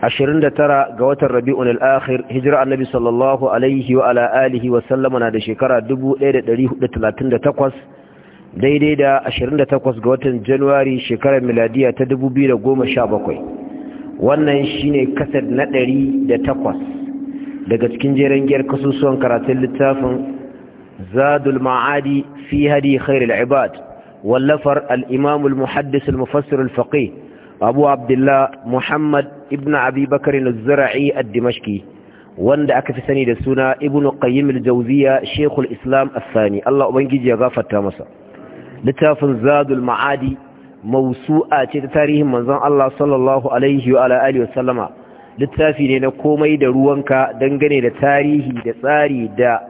29 ga watan rabi'un al'akhir hijira annabi sallallahu alaihi wa ala alihi wa sallama na da shekara 1438 daidai da 28 ga watan januwari shekarar miladiya ta 2017 wannan shine kasar na 108 daga cikin jeren giyar kasusuwan karatun littafin zadul ma'adi fi hadi khairul ibad wallafar al'imamul muhaddis al-mufassir al-faqih abu abdullah muhammad ibn abi bakarin zura'i ad-dimashki wanda aka fi sani da suna ibn qayyim al-jawziya shaykhul islam as-sani Allah ubangiji ya gafarta masa littafin zadul ma'adi mawsu'a ce ta tarihin manzon Allah sallallahu alaihi wa alihi littafi ne na komai da ruwanka dangane da tarihi da tsari da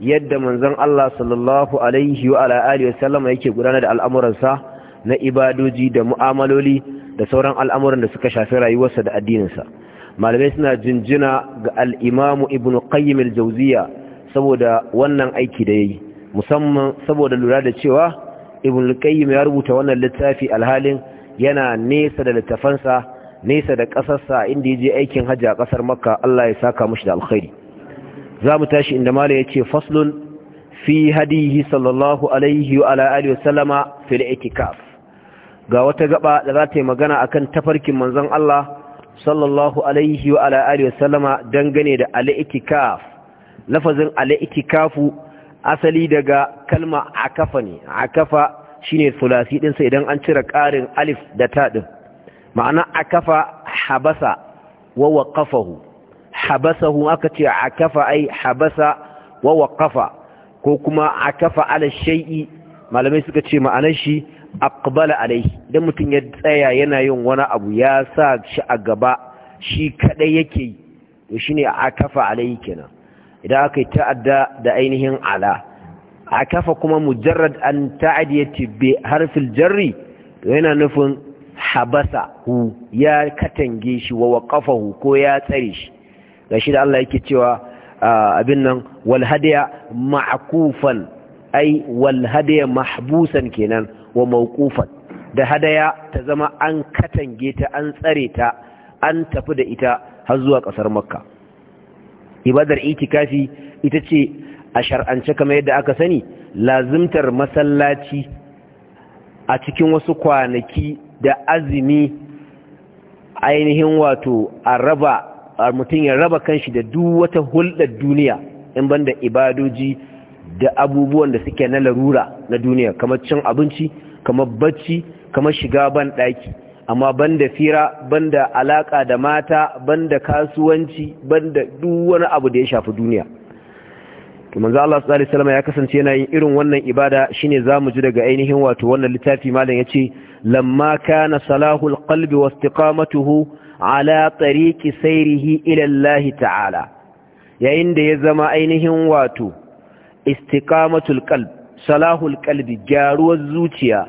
yadda manzon Allah sallallahu alaihi wa alihi yake gudanar da al'amuransa na ibadoji da mu'amaloli da sauran al'amuran da suka shafi rayuwarsa da addininsa malamai suna jinjina ga al'imamu ibn qayyim al-jawziya saboda wannan aiki da yayi musamman saboda lura da cewa ibn qayyim ya rubuta wannan littafi alhalin yana nesa da littafansa nesa da ƙasarsa inda ya je aikin hajji a ƙasar makka Allah ya saka mushi da alkhairi za mu tashi inda malai ya ce faslun fi hadihi sallallahu alaihi wa ala alihi wa sallama fil itikaf ga wata gaba da za ta yi magana akan tafarkin manzon Allah sallallahu alaihi wa ala salama dangane da al lafazin asali daga kalma akafa ne shi ne sulasi ɗinsa idan an cire ƙarin alif da taɗin din ma'ana kafa habasa wa habasa habasahu aka ce a kafa ai habasa wa kafa ko kuma a ala alashai'i malamai suka ce ma'anar shi aqbala alaihi idan mutum ya tsaya yana yin wani abu ya sa shi a gaba shi kadai yake to shine akafa alaihi kenan idan aka ta'adda da ainihin ala akafa kuma mujarrad an ta'adiyati bi harfil jarri to yana nufin habasa hu ya katange shi wa waqafahu ko ya tsare shi gashi da Allah yake cewa abin nan wal hadiya ma'kufan ai wal hadiya mahbusan kenan wa mawqufan da hadaya ta zama an katange ta an tsare ta an tafi da ita har zuwa kasar makka ibadar itikafi ita ce a shar'ance kamar yadda aka sani lazimtar masallaci a cikin wasu kwanaki da azumi ainihin wato a raba mutum ya raba kanshi da duk wata hulɗar duniya in banda ibadoji da abubuwan da suke na larura na duniya kamar cin abinci kamar bacci kamar shiga ban ɗaki amma banda fira da alaka da mata banda kasuwanci banda duk wani abu da ya shafi duniya to manzo Allah sallallahu alaihi ya kasance yana yin irin wannan ibada shine zamu ji daga ainihin wato wannan littafi malam yace lamma kana salahul qalbi wastiqamatuhu ala tariqi sayrihi ila Allah ta'ala yayin da ya zama ainihin wato istiqamatul qalb salahul qalbi gyaruwar zuciya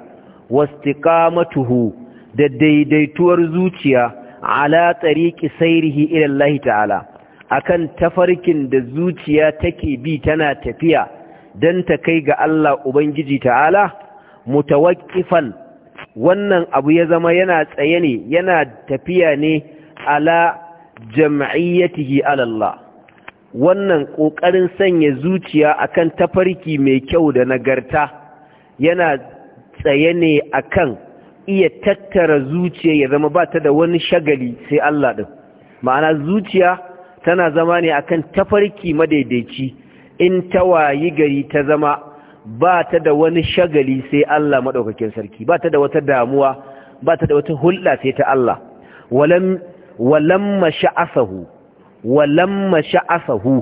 wastiqamatuhu da daidaituwar zuciya ala tariqi sayrihi ila Allah ta'ala akan tafarkin da zuciya take bi tana tafiya dan ta kai ga Allah ubangiji ta'ala mutawaqqifan wannan abu ya zama yana tsaye ne yana tafiya ne ala jam'iyyatihi ala Allah wannan ƙoƙarin sanya zuciya akan tafarki mai kyau da nagarta yana tsaye ne akan iya tattara zuciya ya zama ba ta da wani shagali sai Allah ɗin ma'ana zuciya tana zama ne akan tafarki madaidaici in ta wayi gari ta zama ba ta da wani shagali sai Allah maɗaukakin sarki ba ta da wata damuwa ba ta da wata hulɗa sai ta Allah walamma sha'asahu walamma sha'asahu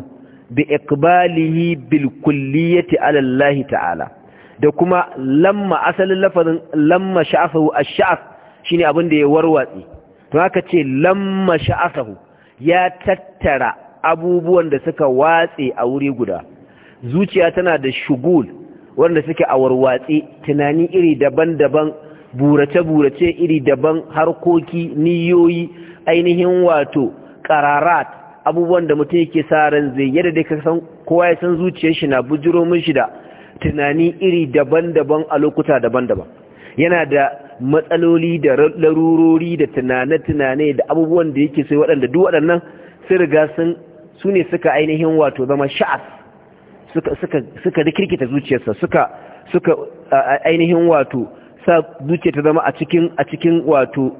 bi ikbalihi bil kulliyati ala Allah ta'ala da kuma lamma asalin lafazin lamma sha'afahu ash-sha'af shine abin da ya warwatsi to haka ce lamma sha'afahu ya tattara abubuwan da suka watse a wuri guda zuciya tana da shugul wanda suke a warwatse tunani iri daban-daban burace-burace iri daban harkoki niyoyi ainihin wato qararat abubuwan da mutum yake sa ran zai yadda dai ka san kowa ya san zuciyar shi na bujuro mun shi da tunani iri daban-daban a lokuta daban-daban yana da matsaloli da larurori da tunane-tunane da abubuwan da yake sai waɗanda duk waɗannan sun riga sun su ne suka ainihin wato zama sha'as suka kirkita zuciyarsa suka ainihin wato sa zuciya ta zama a cikin wato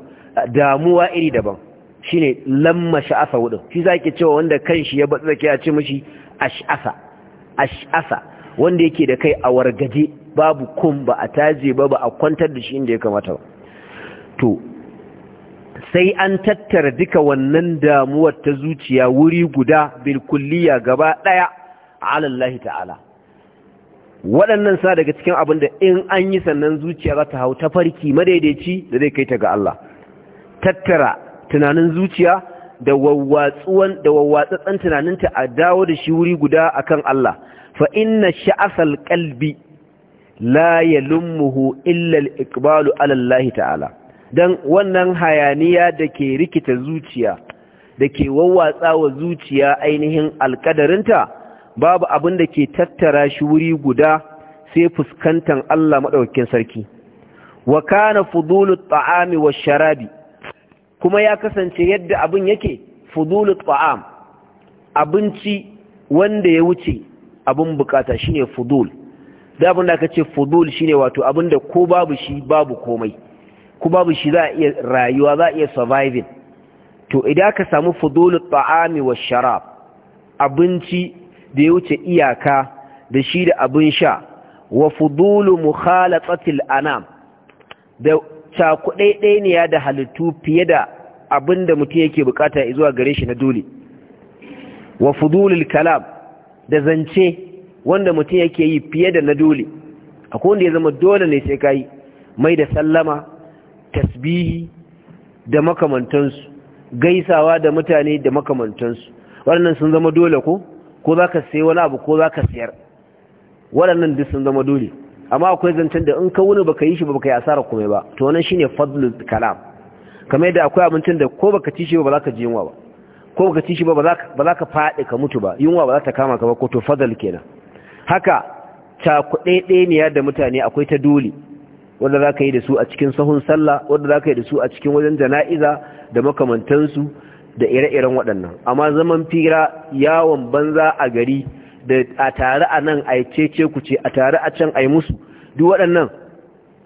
damuwa iri daban shi ne lamma sha'asa wudin shi za ke cewa wanda kanshi ya batsa zaki ya ce mashi ash'asa ash'asa wanda yake da kai a wargaje babu kun ba a taje ba ba a kwantar da shi inda ya kamata ba to sai an tattara duka wannan damuwar ta zuciya wuri guda bilkulliya gaba daya alallahi ta'ala waɗannan sa daga cikin abinda in an yi sannan zuciya za ta hau ta farki madaidaici da zai kai ta ga Allah tattara tunanin zuciya da wawwatsuwan da wawwatsatsan tunaninta a dawo da shi wuri guda akan Allah fa inna sha'asal qalbi la yalummuhu illa al-iqbalu ala ta'ala dan wannan hayaniya da ke rikita zuciya da ke wawwatsa wa zuciya ainihin alkadarinta babu abin da ke tattara shi wuri guda sai fuskantar Allah madaukakin sarki wa kana fudulu ta'ami wa sharabi kuma ya kasance yadda abin yake fudulu ta'am abinci wanda ya wuce abin bukata shine fudul da abin da aka ce fudul shine wato abin da ko babu shi babu komai ko babu shi za a iya rayuwa za a iya surviving to idan aka samu fudul ta'ami wa sharab abinci da ya wuce iyaka da shi da abin sha wa fudulu mukhalatatil anam da cakudai-dai ne ya da halittu fiye da abin da mutum yake bukata zuwa gare shi na dole wa fudulul kalam da zance wanda mutum yake yi fiye da na dole akwai wanda ya zama dole ne sai yi. mai da sallama tasbihi da makamantansu gaisawa da mutane da makamantansu waɗannan sun zama dole ko ko za ka sayi wani abu ko za ka siyar waɗannan duk sun zama dole amma akwai zancen da in ka wuni baka yi shi ba baka yi asara kuma ba to wannan shine fadlul kalam kamar yadda akwai abincin da ko baka ci shi ba ba za ka ji yunwa ba ko baka ci shi ba ba za ka faɗi ka mutu ba yunwa ba za ta kama ka ba ko to fadal kenan haka ne da mutane akwai ta dole wanda za ka yi da su a cikin sahun sallah wanda za ka yi da su a cikin wajen jana'iza da makamantansu da ire-iren waɗannan amma zaman fira yawon banza a gari da a tare a nan a cece ku ce a tare a can a yi musu duk waɗannan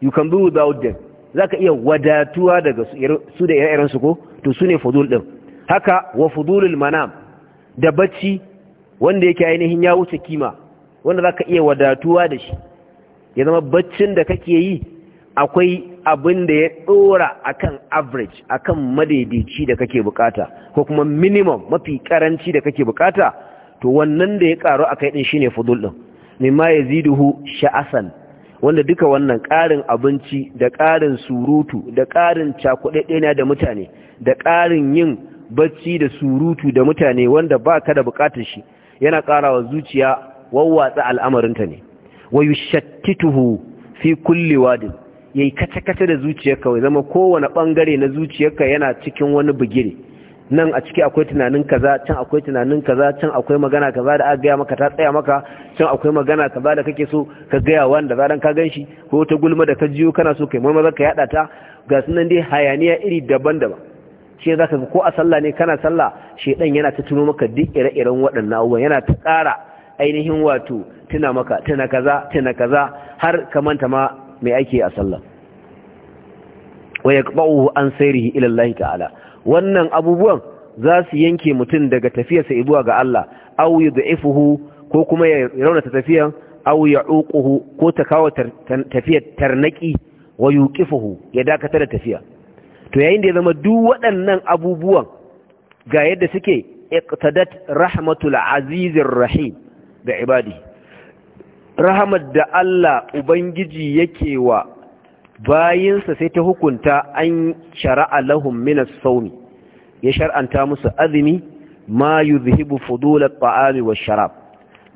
you can be without them za ka iya wadatuwa daga su da ire iren su ko to su ne fadul ɗin haka wa fudulul manam da bacci wanda yake ainihin ya wuce kima wanda zaka iya wadatuwa da shi ya zama baccin da kake yi akwai abin da ya dora akan average akan madaidaici da kake bukata ko kuma minimum mafi karanci da kake bukata to wannan da ya karu akai din shine fudul din mimma yaziduhu sha'asan wanda duka wannan ƙarin abinci da ƙarin surutu da ƙarin cakudaddena da mutane da ƙarin yin bacci da surutu da mutane wanda ba ka da bukatar shi yana karawa zuciya wawwatsa al'amarinta ne wa yushattituhu fi kulli wadin yayi kace-kace da zuciyarka wai zama kowane bangare na zuciyarka yana cikin wani bugire nan a ciki akwai tunanin kaza can akwai tunanin kaza can akwai magana kaza da aka gaya maka ta tsaya maka can akwai magana kaza da kake so ka gaya wanda zaran ka ganshi ko ta gulma da ka jiyo kana so kai maza ka yada ta ga sunan dai hayaniya iri daban-daban shi za ka ko a sallah ne kana sallah dan yana ta tuno maka duk ire-iren waɗannan abubuwan yana ta ƙara ainihin wato tuna maka tuna kaza tuna kaza har ka manta ma mai aiki a sallah wa yaqba'uhu an sayrihi ila Allah ta'ala wannan abubuwan za su yanke mutum daga tafiyarsa zuwa ga Allah aw yud'ifuhu ko kuma ya raunata tafiyan aw ya'uquhu ko ta kawo tafiyar tarnaki wa yuqifuhu ya dakatar da tafiya to yayin da ya zama duk waɗannan abubuwan ga yadda suke iqtadat rahmatul azizir rahim da ibadi rahmat da Allah ubangiji yake wa bayinsa sai ta hukunta an shara'a lahum min as sawm ya shar'anta musu azumi ma yuzhibu fudul at-ta'ami wash-sharab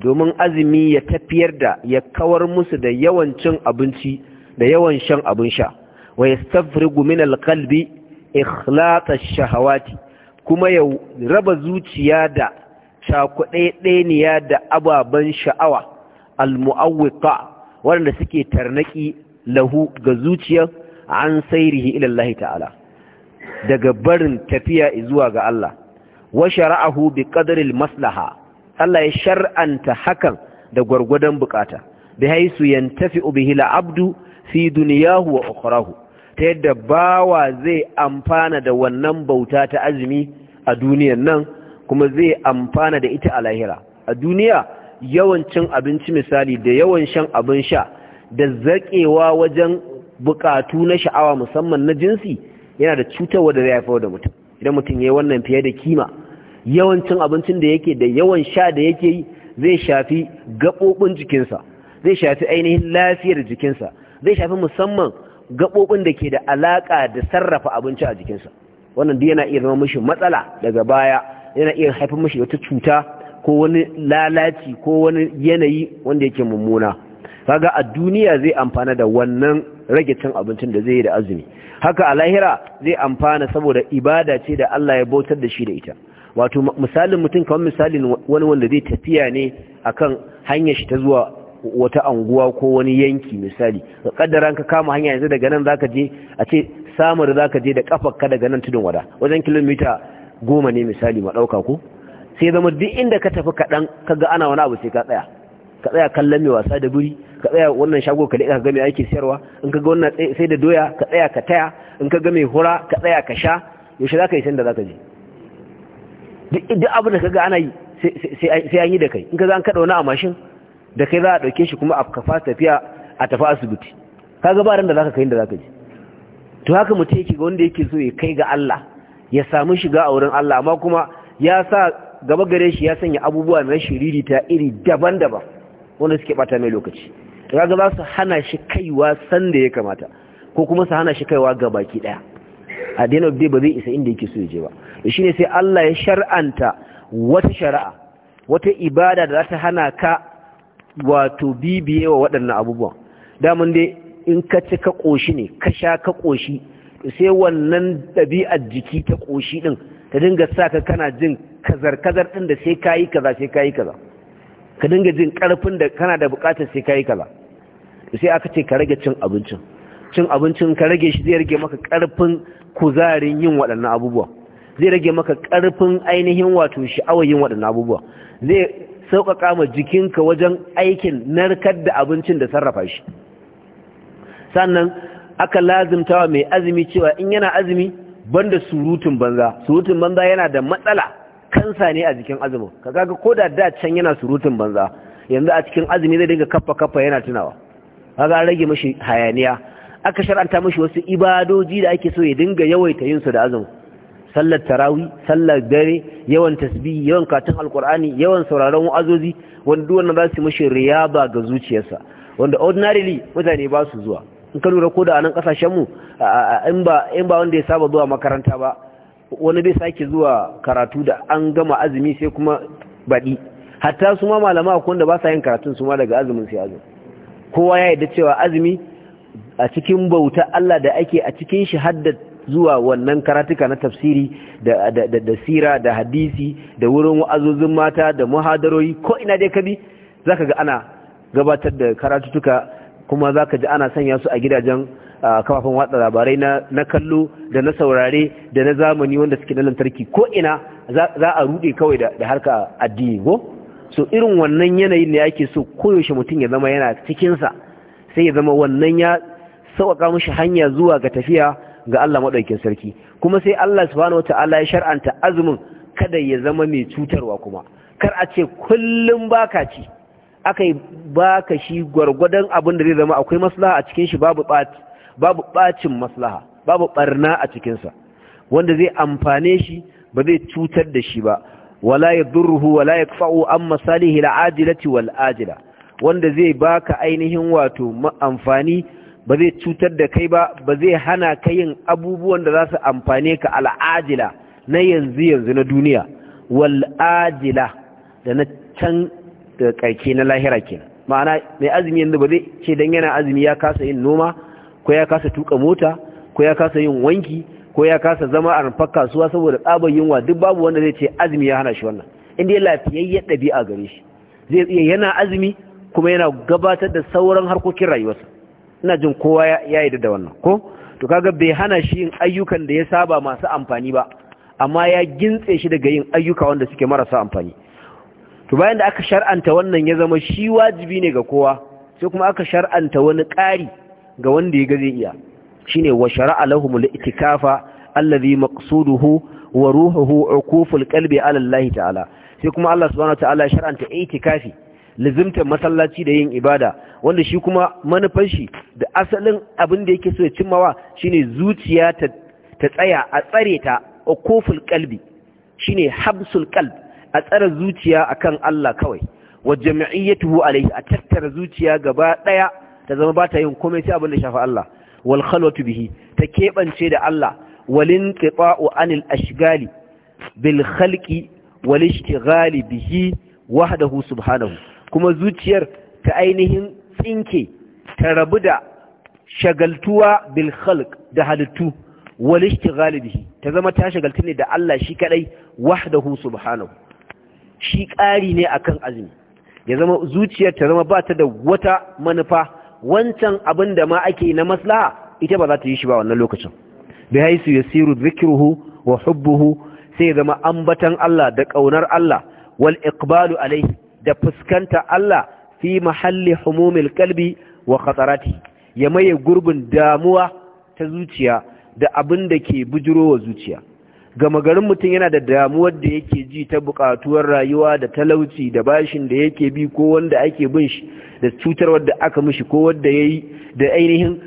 domin azumi ya tafiyar da ya kawar musu da yawan cin abinci da yawan shan abin sha wa yastafrigu min alqalbi ikhlat ash-shahawati kuma ya raba zuciya da cakuɗaɗɗeniya da ababen sha'awa al-mu'awwiqa waɗanda suke tarnaki lahu ga zuciyar an sairihi ila Allah ta'ala daga barin tafiya zuwa ga Allah wa shara'ahu bi qadri maslaha Allah ya shar'anta hakan da gwargwadon bukata bi haisu yantafi bihi al-abdu fi dunyahu wa ukhrahu ta yadda bawa zai amfana da wannan bauta ta azumi a duniyar nan kuma zai amfana da ita a lahira a duniya yawancin abinci misali da yawan shan abin sha da zaƙewa wajen buƙatu na sha'awa musamman na jinsi yana da cutarwa da zai haifar da mutum idan mutum ya yi wannan fiye da kima yawancin abincin da yake da yawan sha da yake yi zai shafi gaɓoɓin jikinsa zai shafi ainihin lafiyar jikinsa zai shafi musamman gaɓoɓin da ke da alaƙa da sarrafa abinci a jikinsa wannan duk yana iya zama mishi matsala daga baya yana iya haifar mishi wata cuta ko wani lalaci ko wani yanayi wanda yake mummuna kaga a duniya zai amfana da wannan rage cin abincin da zai yi da azumi haka a lahira zai amfana saboda ibada ce da Allah ya bautar da shi da ita wato misalin mutum kamar misalin wani wanda zai tafiya ne akan hanyar shi ta zuwa wata anguwa ko wani yanki misali ka kaddara ka kama hanya yanzu daga nan zaka je a ce samar zaka je da ka daga nan tudun wada wajen kilomita goma ne misali ma dauka ko sai zama duk inda ka tafi kaɗan kaga ana wani abu sai ka tsaya ka tsaya kallon mai wasa da buri ka tsaya wannan shago ka leƙa ka ga mai ake siyarwa in ka ga wannan sai da doya ka tsaya ka taya in ka ga mai hura ka tsaya ka sha yaushe za ka yi sanda za ka je duk abin da ka ga ana yi sai an yi da kai in ka za an kaɗa wani a mashin da kai za a ɗauke shi kuma a kafa tafiya a tafi asibiti kaga ba da da zaka kai inda zaka je to haka mutum yake ga wanda yake so ya kai ga Allah ya samu shiga a wurin Allah amma kuma ya sa gaba gare shi ya sanya abubuwa na shiriri ta iri daban-daban wanda suke bata mai lokaci kaga za su hana shi kaiwa san da ya kamata ko kuma su hana shi kaiwa ga baki daya a the end ba zai isa inda yake so ya je ba ne sai Allah ya shar'anta wata shari'a wata ibada da za ta hana ka wato bibiye wa waɗannan abubuwan damun dai in ka ci ka ƙoshi ne ka sha ka ƙoshi sai wannan ɗabi'ar jiki ta ƙoshi ɗin ta dinga sa ka kana jin kazar-kazar ɗin da sai ka yi kaza sai ka yi kaza ka dinga jin ƙarfin da kana da buƙatar sai ka yi kaza sai aka ce ka rage cin abincin cin abincin ka rage shi zai rage maka ƙarfin kuzarin yin waɗannan abubuwa zai rage maka ƙarfin ainihin wato sha'awar yin waɗannan abubuwa zai sauƙaƙa ma jikinka wajen aikin narkar da abincin da sarrafa shi sannan aka wa mai azumi cewa in yana azumi da surutun banza surutun banza yana da matsala kansa ne a jikin azumin kaga ko da da can yana surutun banza yanzu a cikin azumi zai dinga kaffa kaffa yana tunawa kaga rage mashi hayaniya aka shar'anta mashi wasu ibadoji da ake so ya dinga yawaita yin su da azumin sallar tarawi sallar dare yawan tasbih yawan katin alkur'ani yawan sauraron wa'azozi wanda duk wannan za su mishi riyaba ga zuciyarsa wanda ordinarily mutane ba su zuwa in ka lura ko da anan kasashen mu in ba in ba wanda ya saba zuwa makaranta ba wani bai sake zuwa karatu da an gama azumi sai kuma baɗi hatta su ma malama akwai wanda ba sa yin karatun su ma daga azumin sai azumi kowa ya yarda cewa azumi a cikin bauta Allah da ake a cikin shi haddada zuwa wannan karatuka na tafsiri da, da, da, da sira da hadisi da wurin wa'azozin mata da muhadaroyi, ko ina dai kabi za ka ga ana gabatar da karatutuka kuma za ka ji ana sanya su a gidajen kafafen watsa labarai na kallo da na saurare da na zamani wanda suke na lantarki ko ina za a rude kawai da da harka addini go so irin wannan yanayin ne yake so koyaushe mutum ya zama yana cikinsa sai ya zama wannan ya sauƙaƙa mashi hanya zuwa ga tafiya ga Allah maɗaukin sarki kuma sai Allah subhanahu wataala ya shar'anta azumin kada ya zama mai cutarwa kuma kar a ce kullum baka ci akai baka shi gwargwadon abin da zai zama akwai maslaha a cikin shi babu babu bacin maslaha babu barna a cikin sa wanda zai amfane shi ba zai cutar da shi ba wala yadurruhu wala yakfa'u amma masalihi al-ajilati wal ajila wanda zai baka ainihin wato amfani ba zai cutar da kai ba ba zai hana ka yin abubuwan da za su amfane ka al'ajila na yanzu yanzu na duniya wal'ajila da na can da karke na lahira ke ma'ana mai azumi yanzu ba zai ce don yana azumi ya kasa yin noma ko ya kasa tuka mota ko ya kasa yin wanki ko ya kasa zama a rufar kasuwa saboda tsabar yunwa duk babu wanda zai ce azumi ya hana shi wannan inda ya lafiyayyen ɗabi'a gare shi zai iya yana azumi kuma yana gabatar da sauran harkokin rayuwarsa ina jin kowa ya yi da wannan ko to kaga bai hana shi yin ayyukan da ya saba masu amfani ba amma ya gintse shi daga yin ayyuka wanda suke marasa amfani to bayan da aka shar'anta wannan ya zama shi wajibi ne ga kowa sai kuma aka shar'anta wani ƙari ga wanda ya gaze iya shine wa shara'a lahumul itikafa allazi maqsuduhu wa ruhuhu uquful qalbi ala Allah ta'ala sai kuma Allah subhanahu wa ta'ala shar'anta itikafi lizimtar masallaci da yin ibada wanda shi kuma manufar shi da asalin abin da yake so ya cimmawa shine zuciya ta ta tsaya a tsare ta kofin ƙalbi, shine habsul kalb a tsare zuciya akan Allah kawai wa jami'iyyatuhu alayhi a tattara zuciya gaba daya ta zama ba ta yin komai sai abin da shafa Allah wal khalwatu bihi ta kebance da Allah walin qita'u anil ashgali bil khalqi wal ishtighali bihi wahdahu subhanahu kuma zuciyar ta ainihin tsinke ta rabu da shagaltuwa bil khalq da halittu wal ishtighal bihi ta zama ta shagaltu ne da Allah shi kadai wahdahu subhanahu shi ƙari ne akan azumi ya zama zuciyar ta zama ba ta da wata manufa wancan abin da ma ake na maslaha ita ba za ta yi shi ba wannan lokacin bi haisu yasiru dhikruhu wa hubbuhu sai ya zama ambatan Allah da kaunar Allah wal iqbalu alaihi da fuskanta Allah fi mahalli humumil kalbi wa khatarati ya maye gurbin damuwa ta zuciya da abin da ke bujurowa zuciya gama garin mutum yana da damuwar da yake ji ta bukatuwar rayuwa da talauci da bashin da yake bi ko wanda ake bin shi da cutar da aka mishi ko wanda ya da ainihin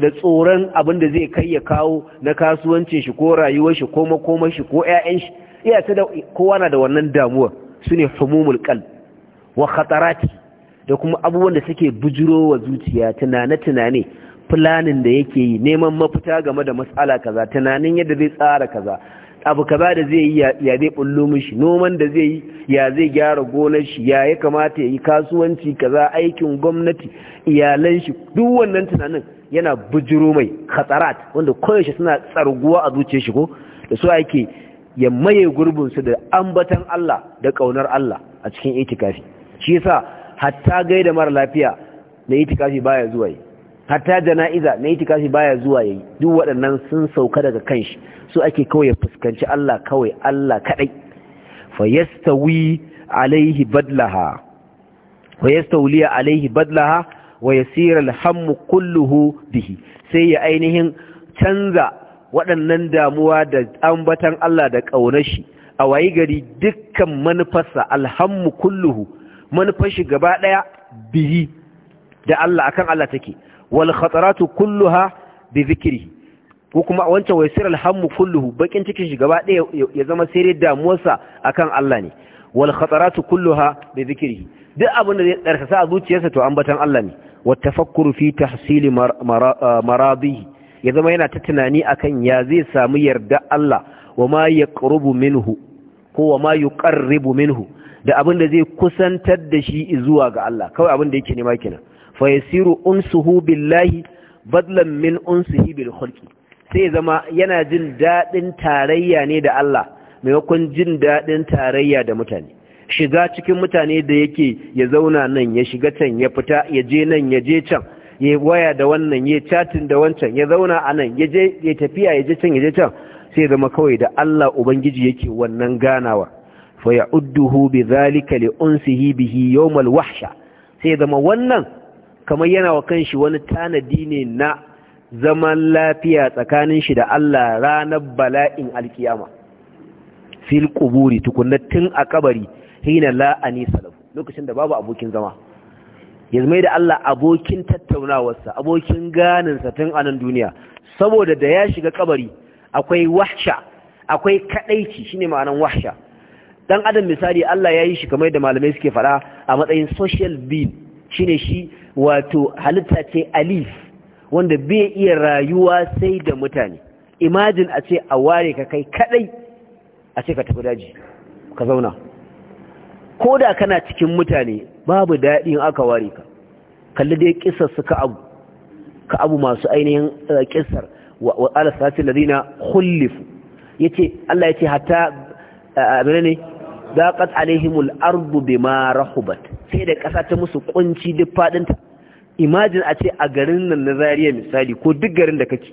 da tsoron abin da zai kai ya kawo na kasuwancin shi ko rayuwar shi ko makomar shi ko ƴaƴan shi iya ta da kowa na da wannan damuwar su humumul kalb wa khatarati da kuma abubuwan da suke bujiro wa zuciya tunane-tunane planning da yake yi neman mafita game da matsala kaza tunanin yadda zai tsara kaza abu kaza da zai yi ya zai bullo mishi noman da zai yi ya zai gyara gonar shi ya ya kamata ya yi kasuwanci kaza aikin gwamnati iyalan shi duk wannan tunanin yana bujiro mai khatsarat wanda koyaushe suna tsarguwa a zuciyar shi ko da su ake ya maye gurbinsu da ambatan Allah da ƙaunar Allah a cikin itikafi shi yasa hatta gaida mara lafiya na itikafi baya zuwa yi hatta jana'iza na itikafi baya zuwa yi duk waɗannan sun sauka daga kanshi su ake kawai ya fuskanci Allah kawai Allah kadai fa yastawi alaihi badlaha wa yastawli alaihi badlaha wa yasira alhamu kulluhu bihi sai ya ainihin canza waɗannan damuwa da ambatan Allah da ƙaunar shi a wayi gari dukkan manufarsa alhammu kulluhu manufar shi gaba ɗaya bihi da Allah akan Allah take wal khataratu kulluha bi zikri ko kuma wancan waisir hammu kulluhu bakin cikin shi gaba ɗaya ya zama sai dai damuwarsa akan Allah ne wal khataratu kulluha bi zikri duk abin da zai tsarkasa a zuciyarsa to ambatan Allah ne wa tafakkuru fi tahsili maradihi ya zama yana ta tunani akan ya zai samu yarda Allah wa ma yaqrubu minhu ko wa ma yuqarribu minhu da abin da zai kusantar da shi zuwa ga Allah kawai abin da yake nema kenan fa yasiru unsuhu billahi badlan min unsihi bil khulqi sai zama yana jin daɗin tarayya ne da Allah maimakon jin daɗin tarayya da mutane shiga cikin mutane da yake ya zauna nan ya shiga can ya fita ya je nan ya je can ya waya da wannan ya chatin da wancan ya zauna a nan ya je ya tafiya ya je can ya je can sai zama kawai da Allah ubangiji yake wannan ganawa fa ya'udduhu bi zalika li unsihi bihi yawm al-wahsha sai zama wannan kamar yana wa kanshi wani tanadi ne na zaman lafiya tsakanin shi da Allah ranar bala'in alkiyama fil quburi tukunna tun a kabari hina la anisa lokacin da babu abokin zama yanzu mai da Allah abokin tattaunawarsa abokin ganinsa tun a nan duniya saboda da ya shiga kabari akwai wahsha akwai kadaici shine ma'anar wahsha dan adam misali Allah ya yi shi kamar da malamai suke fara a matsayin social being ne shi wato halitta ce alif wanda bai iya rayuwa sai da mutane Imajin a ce a ware ka kai kadai a ce ka tafi daji ka zauna ko da kana cikin mutane babu daɗi in aka ware ka kalli dai kisar su ka abu ka abu masu ainihin kisar. Eh, wa alasati ladina khulifu yace Allah yace hatta eh, daqat alaihimul ardu bima rahubat sai da ƙasa ta musu ƙunci duk faɗinta. Imajin a ce a garin nan na Zariya misali ko duk garin da kake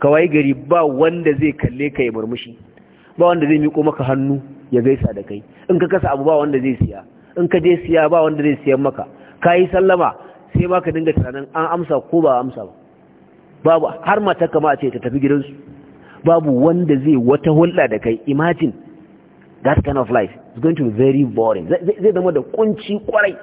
ka wayi gari ba wanda zai kalle ka ya murmushi ba wanda zai miƙo maka hannu ya gaisa da kai in ka kasa abu ba wanda zai siya in ka je siya ba wanda zai siyan maka ka yi sallama sai ba ka dinga tunanin an amsa ko ba amsa ba babu har mata kama a ce ta tafi gidansu babu wanda zai wata hulɗa da kai imagine that kind of life it's going to be very boring zai zama da kunci kwarai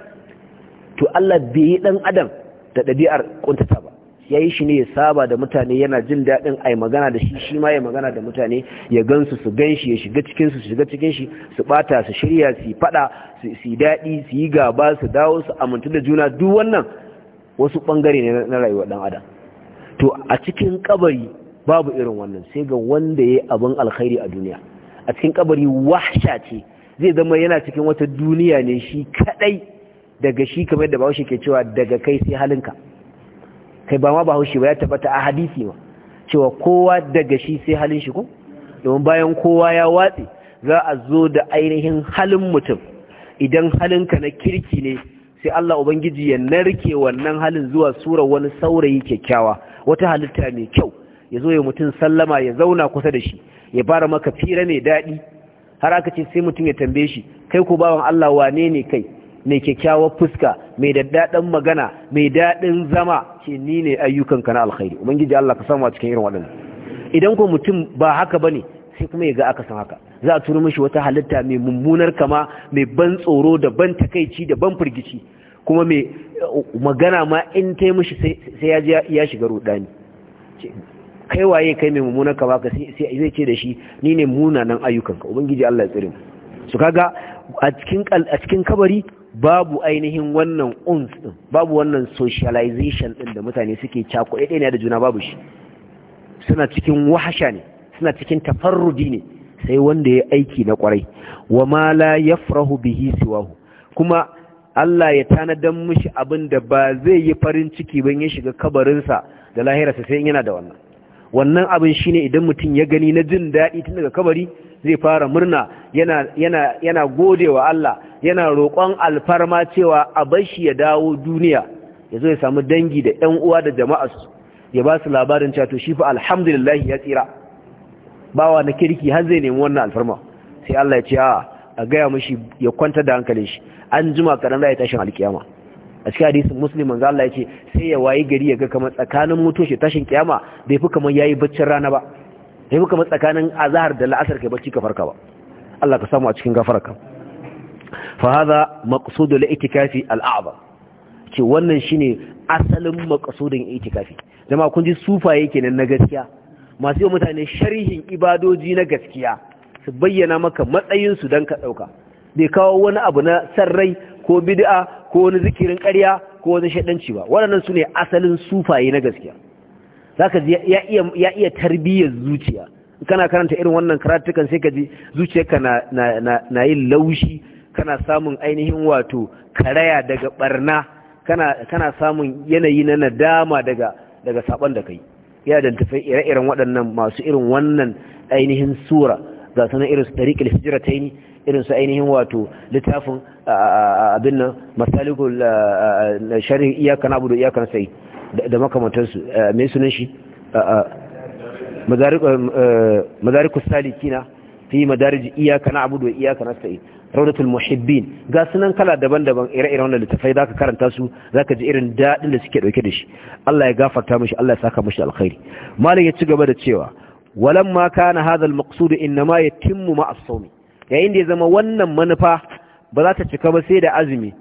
to Allah bai yi dan adam da ɗabi'ar kuntata ba yayi shi ne ya saba da mutane yana jin daɗin ai magana da shi shi ma ya magana da mutane ya gansu su ganshi ya shiga cikinsu su shiga cikin shi su bata su shirya su fada su yi daɗi su yi gaba su dawo su amintu da juna duk wannan wasu bangare ne na rayuwa dan adam to a cikin kabari babu irin wannan sai ga wanda yayi yi abin alkhairi a duniya a cikin kabari wahsha ce zai zama yana cikin wata duniya ne shi kadai daga shi kamar da bahaushe ke cewa daga kai sai halinka kai ba ma bahaushe ba ya tabbata a hadisi ba. cewa kowa daga shi sai halin shi ko domin bayan kowa ya watsi, za a zo da ainihin halin mutum idan halinka na kirki ne sai Allah ubangiji ya narke wannan halin zuwa surar wani saurayi kyakkyawa wata halitta mai kyau ya zo ya mutum sallama ya zauna kusa da shi ya bara maka fira mai daɗi har aka ce sai mutum ya tambaye shi kai ko bawan Allah wane ne kai mai kyakkyawar fuska mai daddaɗan magana mai daɗin zama ce ni ne ka na alkhairi ubangiji Allah ka san a cikin irin waɗannan idan ko mutum ba haka bane sai kuma ya ga aka san haka za a turo mishi wata halitta mai mummunar kama mai ban tsoro da ban takaici da ban firgici kuma mai eh, magana ma in tai mishi sai ya shiga rudani kai waye kai mai mummunan ka baka sai zai ce da shi ni ne munanan ayyukanka ubangiji Allah ya tsare mu su kaga a cikin a cikin kabari babu ainihin wannan uns din babu wannan socialization din da mutane suke cako ɗaya ne da juna babu shi suna cikin wahasha ne suna cikin tafarrudi ne sai wanda ya aiki na kwarai wa ma la yafrahu bihi siwahu kuma Allah ya tanadan mishi abin da ba zai yi farin ciki ban ya shiga kabarinsa da lahirarsa sai yana da wannan wannan abin shi ne idan mutum ya gani na jin daɗi tun daga kabari zai fara murna yana gode wa Allah yana roƙon alfarma cewa a bashi ya dawo duniya ya zo ya samu dangi da 'yan uwa da jama'a su ya ba su labarin cato shi fa alhamdulillah ya tsira bawa na kirki har zai nemi wannan alfarma sai Allah ya ce a a gaya mashi ya kwanta da hankalin shi an jima kaɗan za ya tashin alkiyama a cikin hadisin muslim manzo Allah yace sai ya wayi gari ya ga kamar tsakanin mutoshi tashin kiyama bai fi kamar yayi baccin rana ba bai fi kamar tsakanin azhar da la'asar kai bacci ka farka ba Allah ka samu a cikin gafarka fa hada maqsudul itikafi al'azam ce wannan shine asalin maqsudin itikafi jama'a kun ji sufaye nan na gaskiya masu yi mutane sharihin ibadoji na gaskiya su bayyana maka matsayinsu don ka ɗauka bai kawo wani abu na sarrai ko bid'a ko wani zikirin ƙarya ko wani shaɗanci ba waɗannan su ne asalin sufaye na gaskiya za ka ya iya tarbiyyar zuciya kana karanta irin wannan karatukan sai ka ji zuciyarka na yin laushi kana samun ainihin wato karaya daga barna kana samun yanayi na nadama daga saɓon da kai ya dantafai ire-iren waɗannan masu irin wannan ainihin sura ga sanan irin su tariqul ta irin su ainihin wato littafin abin nan shari'a sharhi iyyaka na'budu iyyaka sai da makamantarsu mai me sunan shi saliki salikina fi madarij iyyaka na'budu wa iyyaka sai raunatul muhibbin ga sunan kala daban-daban ire-iren wannan littafai za ka karanta su za ka ji irin daɗin da suke dauke da shi Allah ya gafarta mishi Allah ya saka mishi alkhairi malam ya ci gaba da cewa walamma maka hadha al-maqsud inma yatimmu ma'a as-sawm yayin da ya zama wannan manufa ba za ta cika ba sai da azumi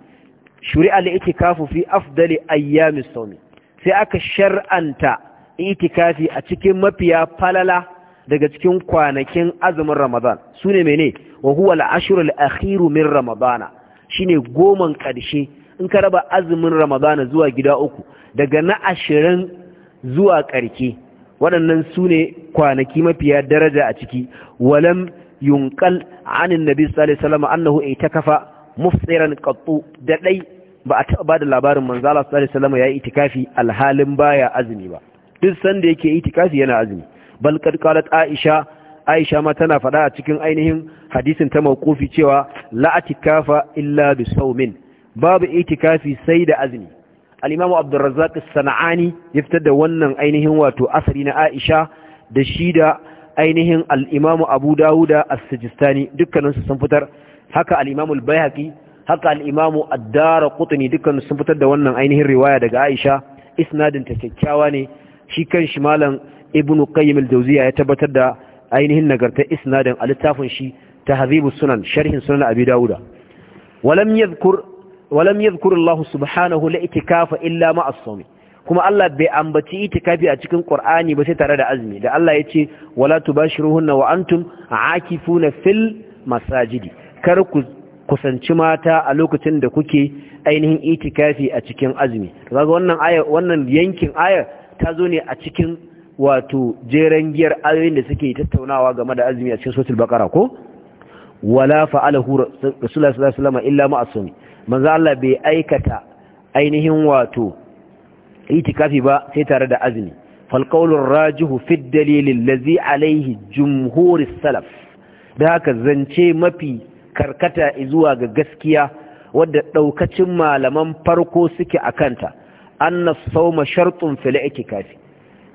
shuri'a li itikafu fi afdali ayyami sawm sai aka shar'anta itikafi a cikin mafiya falala daga cikin kwanakin azumin Ramadan sune mene wa huwa al-ashru al-akhiru min Ramadana shine goman karshe in ka raba azumin Ramadana zuwa gida uku daga na ashirin zuwa karke waɗannan su ne kwanaki mafiya daraja a ciki walam yunqal anin nabi sallallahu alaihi wasallam annahu kafa. mufsiran qattu da dai ba a taba bada labarin manzo Allah sallallahu alaihi wasallam yayi itikafi alhalin baya azumi ba duk sanda yake itikafi yana azumi bal kad qalat aisha aisha ma tana faɗa a cikin ainihin hadisin ta mawqufi cewa la atikafa illa bi sawmin babu itikafi sai da azumi al-imam abdurrazzaq as-sanani ya fitar da wannan ainihin wato asari na aisha da shi da ainihin al'imamu abu dawuda a sajistani dukkaninsu sun fitar haka al'imamu bayhaqi haka al'imamu addara kutuni dukkaninsu sun fitar da wannan ainihin riwaya daga aisha isnadinta kyakkyawa ne shi kan shi malam ibn qayyim al-jawziya ya tabbatar da ainihin nagartar isnadin a littafin shi tahzibu sunan sharhin sunan abi dawuda walam yadhkur walam yadhkur Allah subhanahu la itikafa illa ma as kuma Allah bai ambaci itikafi a cikin Qur'ani ba sai tare da azumi da Allah yace wala tubashiruhunna wa antum aakifuna fil masajidi kar ku kusanci mata a lokacin da kuke ainihin itikafi a cikin azumi kaga wannan aya wannan yankin aya ta zo ne a cikin wato jeren giyar ayoyin da suke tattaunawa game da azumi a cikin suratul baqara ko wala fa'alahu rasulullahi sallallahu alaihi wasallam illa ma'asumi manzo Allah bai aikata ainihin wato itikafi ba sai tare da azumi falqaulur rajihu fi dalilin Lazi alaihi jumhurus salaf da haka zance mafi karkata zuwa ga gaskiya wadda daukacin malaman farko suke a akanta anna sawma shartun fil itikafi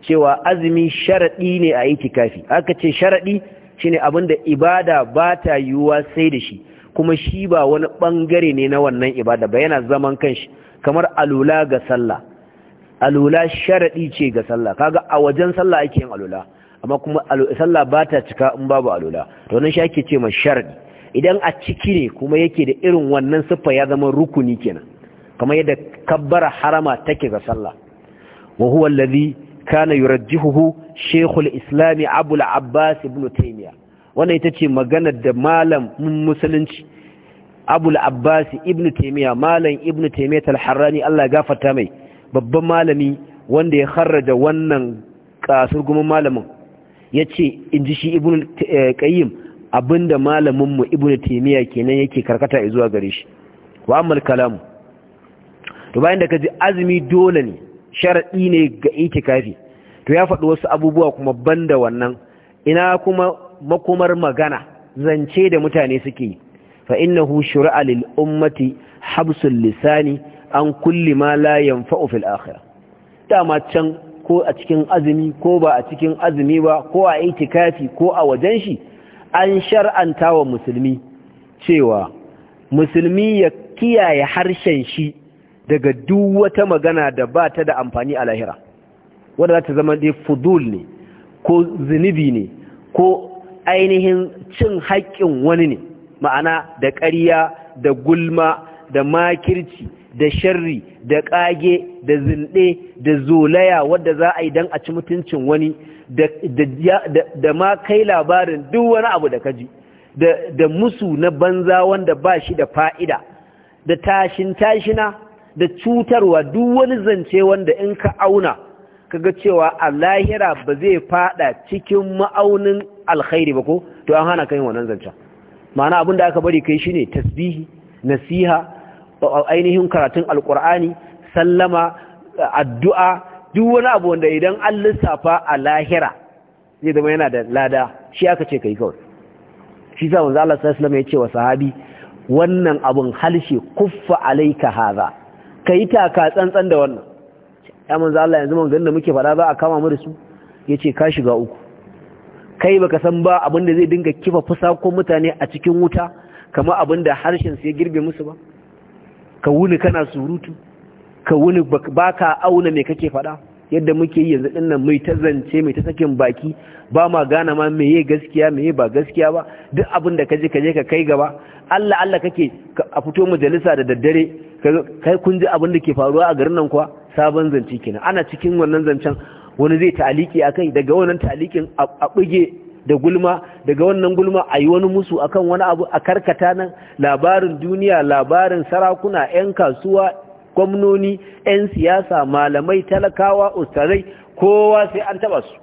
cewa azumi sharaɗi ne a itikafi aka ce sharadi shine abinda ibada ba ta yiwuwa sai da shi kuma shi ba wani ɓangare ne na wannan ibada ba yana zaman kanshi kamar alula ga sallah alula sharaɗi ce ga sallah kaga a wajen sallah ake yin alula amma kuma sallah ba ta cika in babu alula to nan shi ake ce ma sharaɗi. idan a ciki ne kuma yake da irin wannan siffa ya zama rukuni kenan kamar yadda kabbara harama take ga sallah wa huwa alladhi kana yurajjihuhu shaykhul islam abul abbas ibn taymiya wannan ita ce maganar da malam musulunci abul abbas ibn taymiya malam ibn taymiya al-harrani Allah ya gafarta mai babban malami wanda ya harraja wannan kasar gumin malamin ya ce in ji shi ibn eh, qayyim abinda malaminmu ibn taymiya kenan yake karkata zuwa gare shi wa amal kalam to bayan da kaji azumi dole ne sharadi ne ga kafi. to ya faɗi wasu abubuwa kuma banda wannan ina kuma makomar magana zance da mutane suke fa innahu shura'a lil ummati habsul lisani an kulli ma la yanfa'u fil akhirah dama can ko a cikin azumi ko ba a cikin azumi ba ko a itikafi ko a wajen shi an shar'anta wa musulmi cewa musulmi ya kiyaye harshen shi daga duk wata magana da ba ta da amfani a lahira wanda za ta zama dai fudul ne ko zunubi ne ko ainihin cin haƙƙin wani ne ma'ana da ƙarya da gulma da makirci da sharri da ƙage da zinɗe da zolaya wadda za a yi don a ci mutuncin wani da ma kai labarin duk wani abu da ka ji, da musu na banza wanda ba shi da fa'ida da tashin tashina da cutarwa duk wani zance wanda in ka auna kaga cewa a lahira ba zai fada cikin ma'aunin alkhairi ba ko to an hana kai wannan zancen ma'ana abin da aka bari kai shine tasbihi nasiha ainihin karatun alkur'ani sallama addu'a duk wani abu wanda idan an lissafa a lahira zai zama yana da lada shi aka ce kai kawai shi sa wanzu Allah sallallahu alaihi ya ce wa sahabi wannan abun halshe kuffa alaika Ka kai taka tsantsan da wannan ya manzo Allah yanzu mun da muke fada za a kama mu da su yace ka shiga uku kai baka san ba abin da zai dinga kifa fusa ko mutane a cikin wuta kamar abin da harshen su ya girbe musu ba ka wuni kana surutu ka wuni ba ka auna mai kake fada? yadda muke yi yanzu dinnan mai ta zance mai ta sakin baki ba ma gane ma me ye gaskiya me ye ba gaskiya ba duk abin da kaje kaje ka kai gaba Allah Allah kake a fito majalisa da daddare kai kun ji abin da ke faruwa a garin nan kuwa sabon zance kenan ana cikin wannan zancen wani zai ta'aliki akai daga wannan talikin a buge da gulma daga wannan gulma a yi wani musu akan wani abu a karkata nan labarin duniya labarin sarakuna 'yan kasuwa gwamnoni 'yan siyasa malamai talakawa ustazai kowa sai an taba su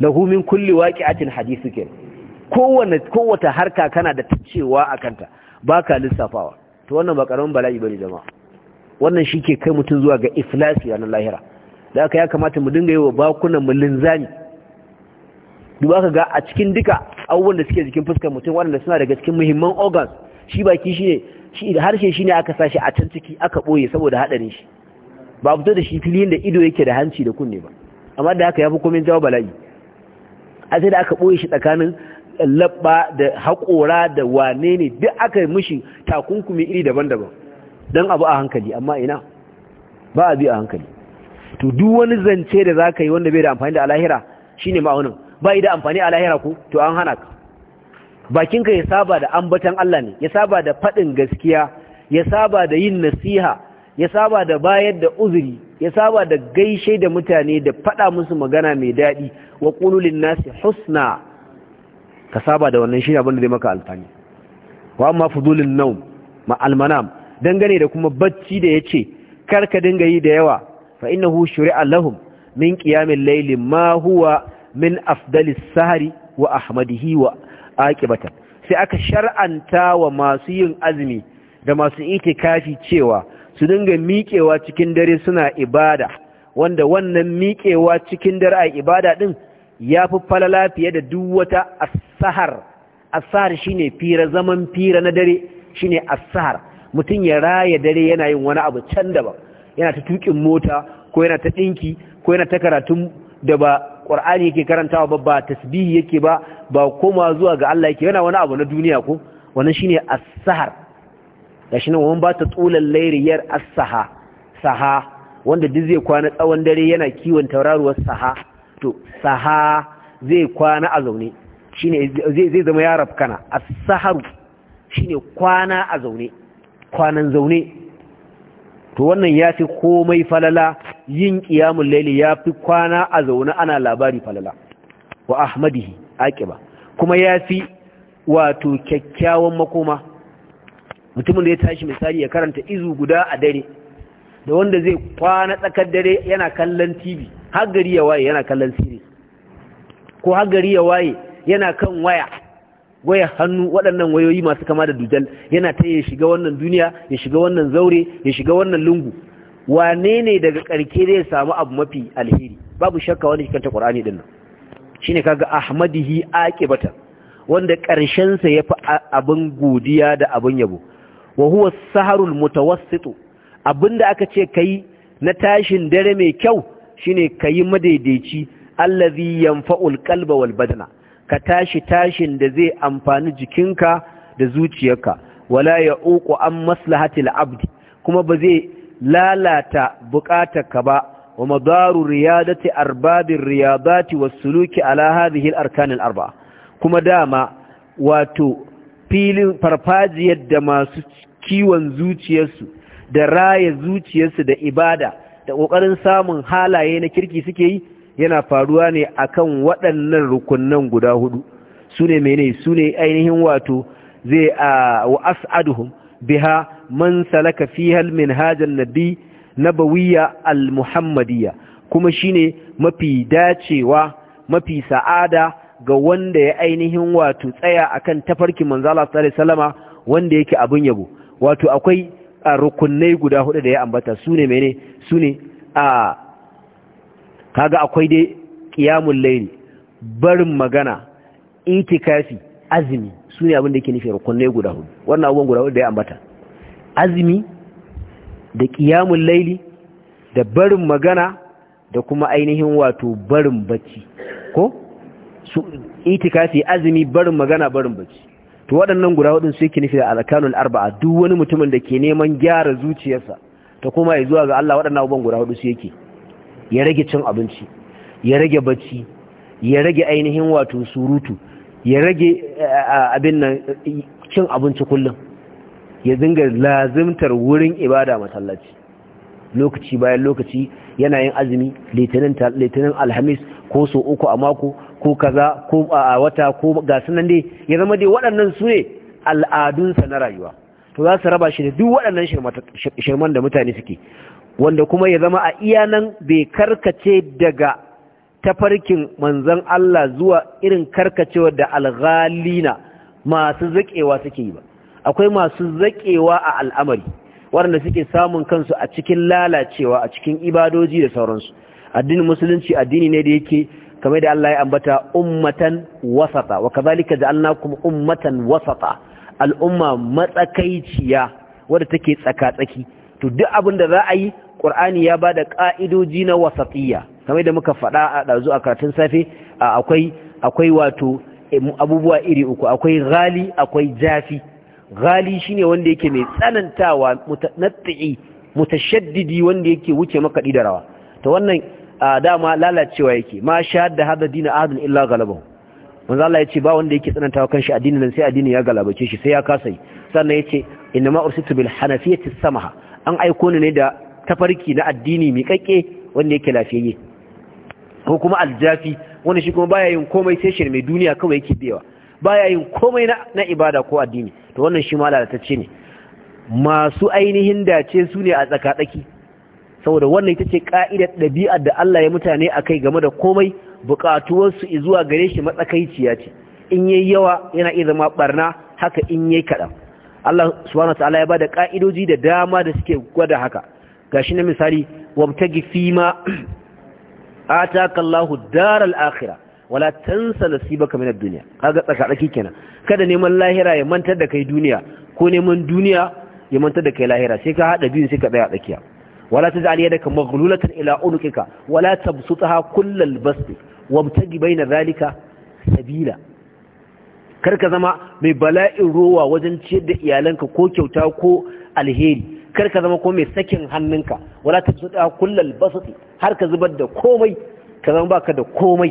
lahumin min a waqi'atin hadisi ke kowanne kowace harka kana da tacewa ba baka lissafawa Ta wannan ba bala'i bane jama'a wannan ke kai mutum zuwa ga iflasi ranar lahira da aka ya kamata mu dinga yi wa bakunan mu linzami duba ka ga a cikin duka abubuwan da suke jikin fuskar mutum waɗanda suna daga cikin muhimman organs shi baki shi ne harshe shi ne aka sa shi a can ciki aka ɓoye saboda haɗarin shi ba a fito da shi filin da ido yake da hanci da kunne ba amma da haka ya fi komai jawo bala'i a sai da aka ɓoye shi tsakanin labba da haƙora da wane ne duk aka yi mushi takunkumi iri daban-daban don abu a hankali amma ina ba a bi a hankali to duk wani zance da za ka yi wanda bai da amfani da alahira shine ma'aunin bai da amfani a lahira ku to an hana ka bakinka ya saba da ambatan Allah ne ya saba da faɗin gaskiya ya saba da yin nasiha ya saba da bayar da uzuri ya saba da gaishe da mutane da faɗa musu magana mai daɗi wa lin nasi husna ka saba da wannan shi shine abinda zai maka alfani wa amma fudulun naum ma almanam dangane da kuma bacci da yace kar ka dinga yi da yawa fa innahu shuri'a lahum min qiyamil layli ma huwa min afdalis sahari wa ahmadihi wa aqibatan sai aka shar'anta wa masu yin azumi da masu itikafi cewa su dinga miƙewa cikin dare suna ibada wanda wannan miƙewa cikin dare a ibada din yafi falala fiye da duk wata as-sahar as-sahar shine fira zaman fira na dare shine as-sahar mutum ya raya dare yana yin wani abu can daban yana ta tukin mota ko yana ta dinki ko yana ta karatun da ba ƙwar'ani yake karantawa ba ba tasbihi yake ba ba koma zuwa ga Allah yake yana wani abu na duniya ko wannan shine as-sahar gashi nan wannan ba ta tulal layriyar as-saha saha wanda duk zai kwana tsawon dare yana kiwon tauraruwar saha to saha zai kwana a zaune shine zai zai zama ya kana as-saharu shine kwana a zaune kwanan zaune to wannan ya fi komai falala yin ƙiyamun laili ya fi kwana a zaune ana labari falala wa ahmadihi aƙiba kuma ya fi wato kyakkyawan makoma mutumin da ya tashi misali ya karanta izu guda a dare da wanda zai kwana tsakar dare yana kallon tv har gari ya waye yana kallon siri ko har ya waye yana kan waya wayar hannu waɗannan wayoyi masu kama da dujal yana ta ya shiga wannan duniya ya shiga wannan zaure ya shiga wannan lungu wane ne daga ƙarke zai samu abu mafi alheri babu shakka wani cikin ta ƙur'ani ɗin nan shine kaga ahmadihi aƙibata wanda ƙarshen sa fi abin godiya da abin yabo wa huwa saharul abin abinda aka ce kai na tashin dare mai kyau shine kai madaidaici allazi yanfa'ul qalba wal badana ka tashi tashin da zai amfani jikinka da zuciyarka wala ya uku an maslahatil abdi kuma ba zai lalata ka ba wa madaru riyadati arbabin riyadati was suluki ala hadhihi al-arkan kuma dama wato filin farfajiyar da masu kiwon zuciyarsu da raya zuciyarsu da ibada da kokarin samun halaye na kirki suke yi yana faruwa ne akan waɗannan rukunnan guda hudu su ne mene su ne ainihin wato zai a wa as'aduhum biha man salaka fihal minhajan nabi nabawiyya al-muhammadiyya kuma shine mafi dacewa mafi sa'ada ga wanda ya ainihin wato tsaya akan tafarki tafarki Manzala sallallahu alaihi wasallama wanda yake abun yabo wato akwai rukunnai guda hudu da ya ambata su ne mene ne a kaga akwai dai qiyamul laili, barin magana itikafi azumi sune abin da yake nufi rukunai guda hudu wannan abubuwan guda hudu da ya ambata azumi da qiyamul layli da barin magana da kuma ainihin wato barin bacci ko su itikafi azumi barin magana barin bacci to waɗannan guda hudun su yake nufi da alkanul arba'a duk wani mutumin da ke neman gyara zuciyarsa ta kuma ya zuwa ga Allah waɗannan abubuwan guda hudu su yake ya rage cin abinci ya rage bacci ya rage ainihin wato surutu ya rage eh, eh, abin nan eh, cin abinci kullum ya zinga lazimtar wurin ibada masallaci lokaci bayan lokaci yana yin azumi litinin alhamis ko so uku a mako ko kaza ko a wata ko ga sunan dai ya zama dai waɗannan su ne al'adunsa na rayuwa to za su raba shi da duk waɗannan shirman da mutane suke wanda kuma ya zama a iyanan bai karkace daga tafarkin manzan Allah zuwa irin karkacewa da alghalina masu zaƙewa suke yi ba akwai masu zaƙewa a al'amari waɗanda suke samun kansu a cikin lalacewa a cikin ibadoji da sauransu addinin musulunci addini ne da yake kamar da Allah ya ambata ummatan wasata wa kazalika ja'alnakum ummatan wasata al'umma matsakaiciya wadda take tsaka-tsaki to duk abin da za a yi alƙur'ani ya ba da ƙa'idoji na wasatiyya kamar da muka faɗa a ɗazu a karatun safe akwai akwai wato eh, abubuwa iri uku akwai ghali akwai jafi ghali shine wanda yake mai tsanantawa mutanatti'i mutashaddidi wanda yake wuce maka da rawa to wannan dama lalacewa yake ma shahada hada dina ahadun illa galabahu manzo Allah yace ba wanda yake tsanantawa kanshi addinin nan sai addinin ya galabace shi sai ya kasa yi sannan yace inna ma ursitu bil hanafiyati samaha an aiko ni ne da tafarki na addini mai kakke wanda yake lafiyayye ko kuma aljafi wanda shi kuma baya yin komai sai shirme duniya kawai yake biyawa baya yin komai na ibada ko addini to wannan shi ma lalatacce ne masu ainihin dace su ne a tsakatsaki saboda wannan ita ce ka'idar ɗabi'ar da Allah ya mutane a kai game da komai buƙatuwarsu zuwa gare shi matsakaiciya ce in yayi yawa yana iya zama barna haka in yayi kaɗan Allah subhanahu wa ta'ala ya bada ka'idoji da dama da suke gwada haka gashi na misali wabtagi fima ataka Allahu daral akhira, wala tansa nasibaka min dunya kaga tsakadaki kenan kada neman lahira ya mantar da kai duniya ko neman duniya ya mantar da kai lahira sai ka hada biyu sai ka tsaya tsakiya wala taj'al yadaka maghlulatan ila unuqika wala tabsutha kullal basti wabtagi baina dhalika sabila karka zama mai bala'in rowa wajen ciyar da iyalanka ko kyauta ko alheri kar ka zama ko mai sakin hannunka wala ta zuɗa kullal basati har ka zubar da komai ka zama baka da komai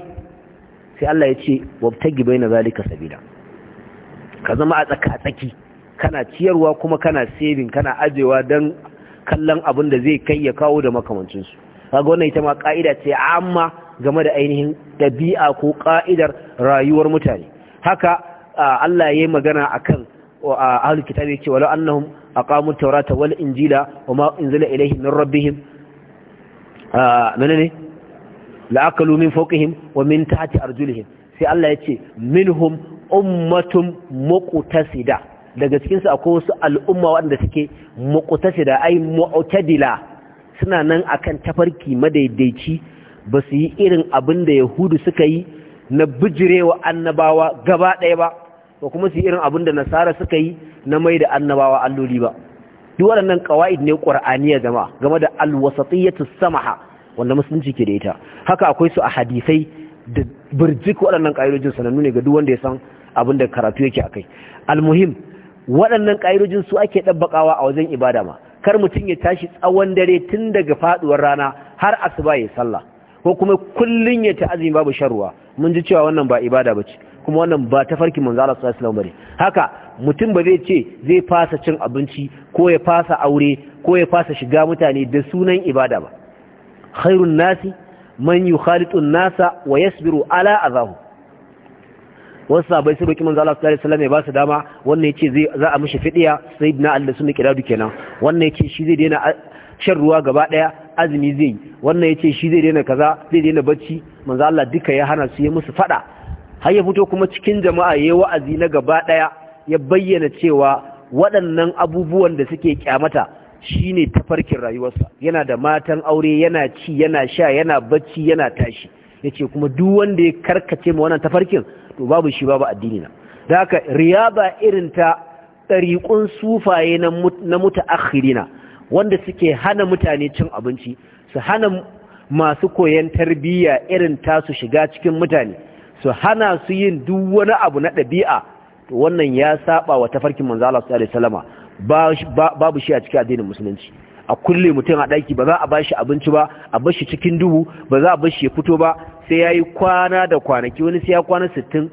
sai Allah ya ce wabtagi baina zalika sabila ka zama a tsaka-tsaki kana ciyarwa kuma kana saving kana ajewa don kallon abin da zai kai ya kawo da makamancinsu kaga wannan ita ma ka'ida ce amma game da ainihin ɗabi'a ko ka'idar rayuwar mutane haka Allah ya yi magana akan ahlul kitabi ya ce walau annahum aqamu tawrata wal injila wama unzila ilayhim min rabbihim ah, menene la'akalu min fawqihim wa min tahti arjulihim sai Allah ya ce minhum ummatun muqtasida daga cikin akwai wasu al'umma wanda suke muqtasida ai mu'tadila suna nan akan tafarki madaidaici ba su yi irin abinda yahudu suka yi na bijirewa annabawa gaba ɗaya ba ba kuma su yi irin abin da nasara suka yi na mai da annabawa alloli ba duk waɗannan ƙawa'id ne qur'aniya zama game da alwasatiyatu samaha wanda musulunci ke da ita haka akwai su a hadisai da birjik waɗannan ƙa'idojin sanannu ne ga duk wanda ya san abin da karatu yake akai almuhim waɗannan ƙa'idojin su ake ɗabbaƙawa a wajen ibada ma kar mutum ya tashi tsawon dare tun daga faɗuwar rana har asuba ya sallah ko kuma kullum ya ta azumi babu sharuwa mun ji cewa wannan ba ibada ba ce. kuma wannan ba ta farki manzo Allah sallallahu alaihi wasallam bane haka mutum ba zai ce zai fasa cin abinci ko ya fasa aure ko ya fasa shiga mutane da sunan ibada ba khairun nasi man yukhalitu nasa wa yasbiru ala azahu wasu sabai sun roki manzo Allah sallallahu alaihi wasallam ya ba su dama wannan yace zai za a mishi fidiya sayyidina Allah sunni kiradu kenan wannan yace shi zai daina shan ruwa gaba daya azumi zai wannan yace shi zai daina kaza zai daina bacci manzo Allah duka ya hana su ya musu fada har ya fito kuma cikin jama'a ya yi wa'azi na gaba ɗaya ya bayyana cewa waɗannan abubuwan da suke kyamata shine tafarkin rayuwarsa yana da matan aure yana ci yana sha yana bacci yana tashi ya ce kuma duk wanda ya karkace ma wannan tafarkin to babu shi babu addini na da haka riya irin ta ɗariƙun sufaye na mutaakhirina wanda suke hana mutane cin abinci su hana masu koyon tarbiyya irin tasu shiga cikin mutane su hana su yin duk wani abu na ɗabi'a to wannan ya saba wa tafarkin manzo Allah sallallahu alaihi wasallama babu shi a cikin addinin musulunci a kulle mutum a ɗaki ba za a bashi abinci ba a bashi cikin duhu ba za a bashi ya fito ba sai yayi kwana da kwanaki wani sai ya kwana 60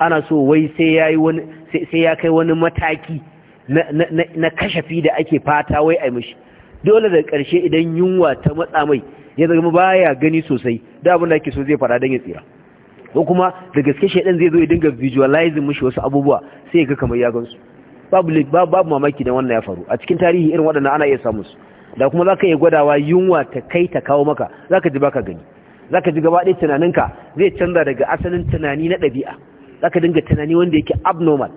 ana so wai sai yayi wani sai ya kai wani mataki na na kashafi da ake fata wai ai mishi dole da karshe idan yunwa ta matsa mai ya zama baya gani sosai da abin da ake so zai fara dan ya tsira ko kuma da gaske dan zai zo ya dinga visualizing mushi wasu abubuwa sai ya ga kamar ya gansu babu babu mamaki da wannan ya faru a cikin tarihi irin waɗannan ana iya samu su da kuma zaka iya gwadawa yunwa ta kai ta kawo maka zaka ji baka gani zaka ji gaba ɗaya tunaninka zai canza daga asalin tunani na ɗabi'a zaka dinga tunani wanda yake abnormal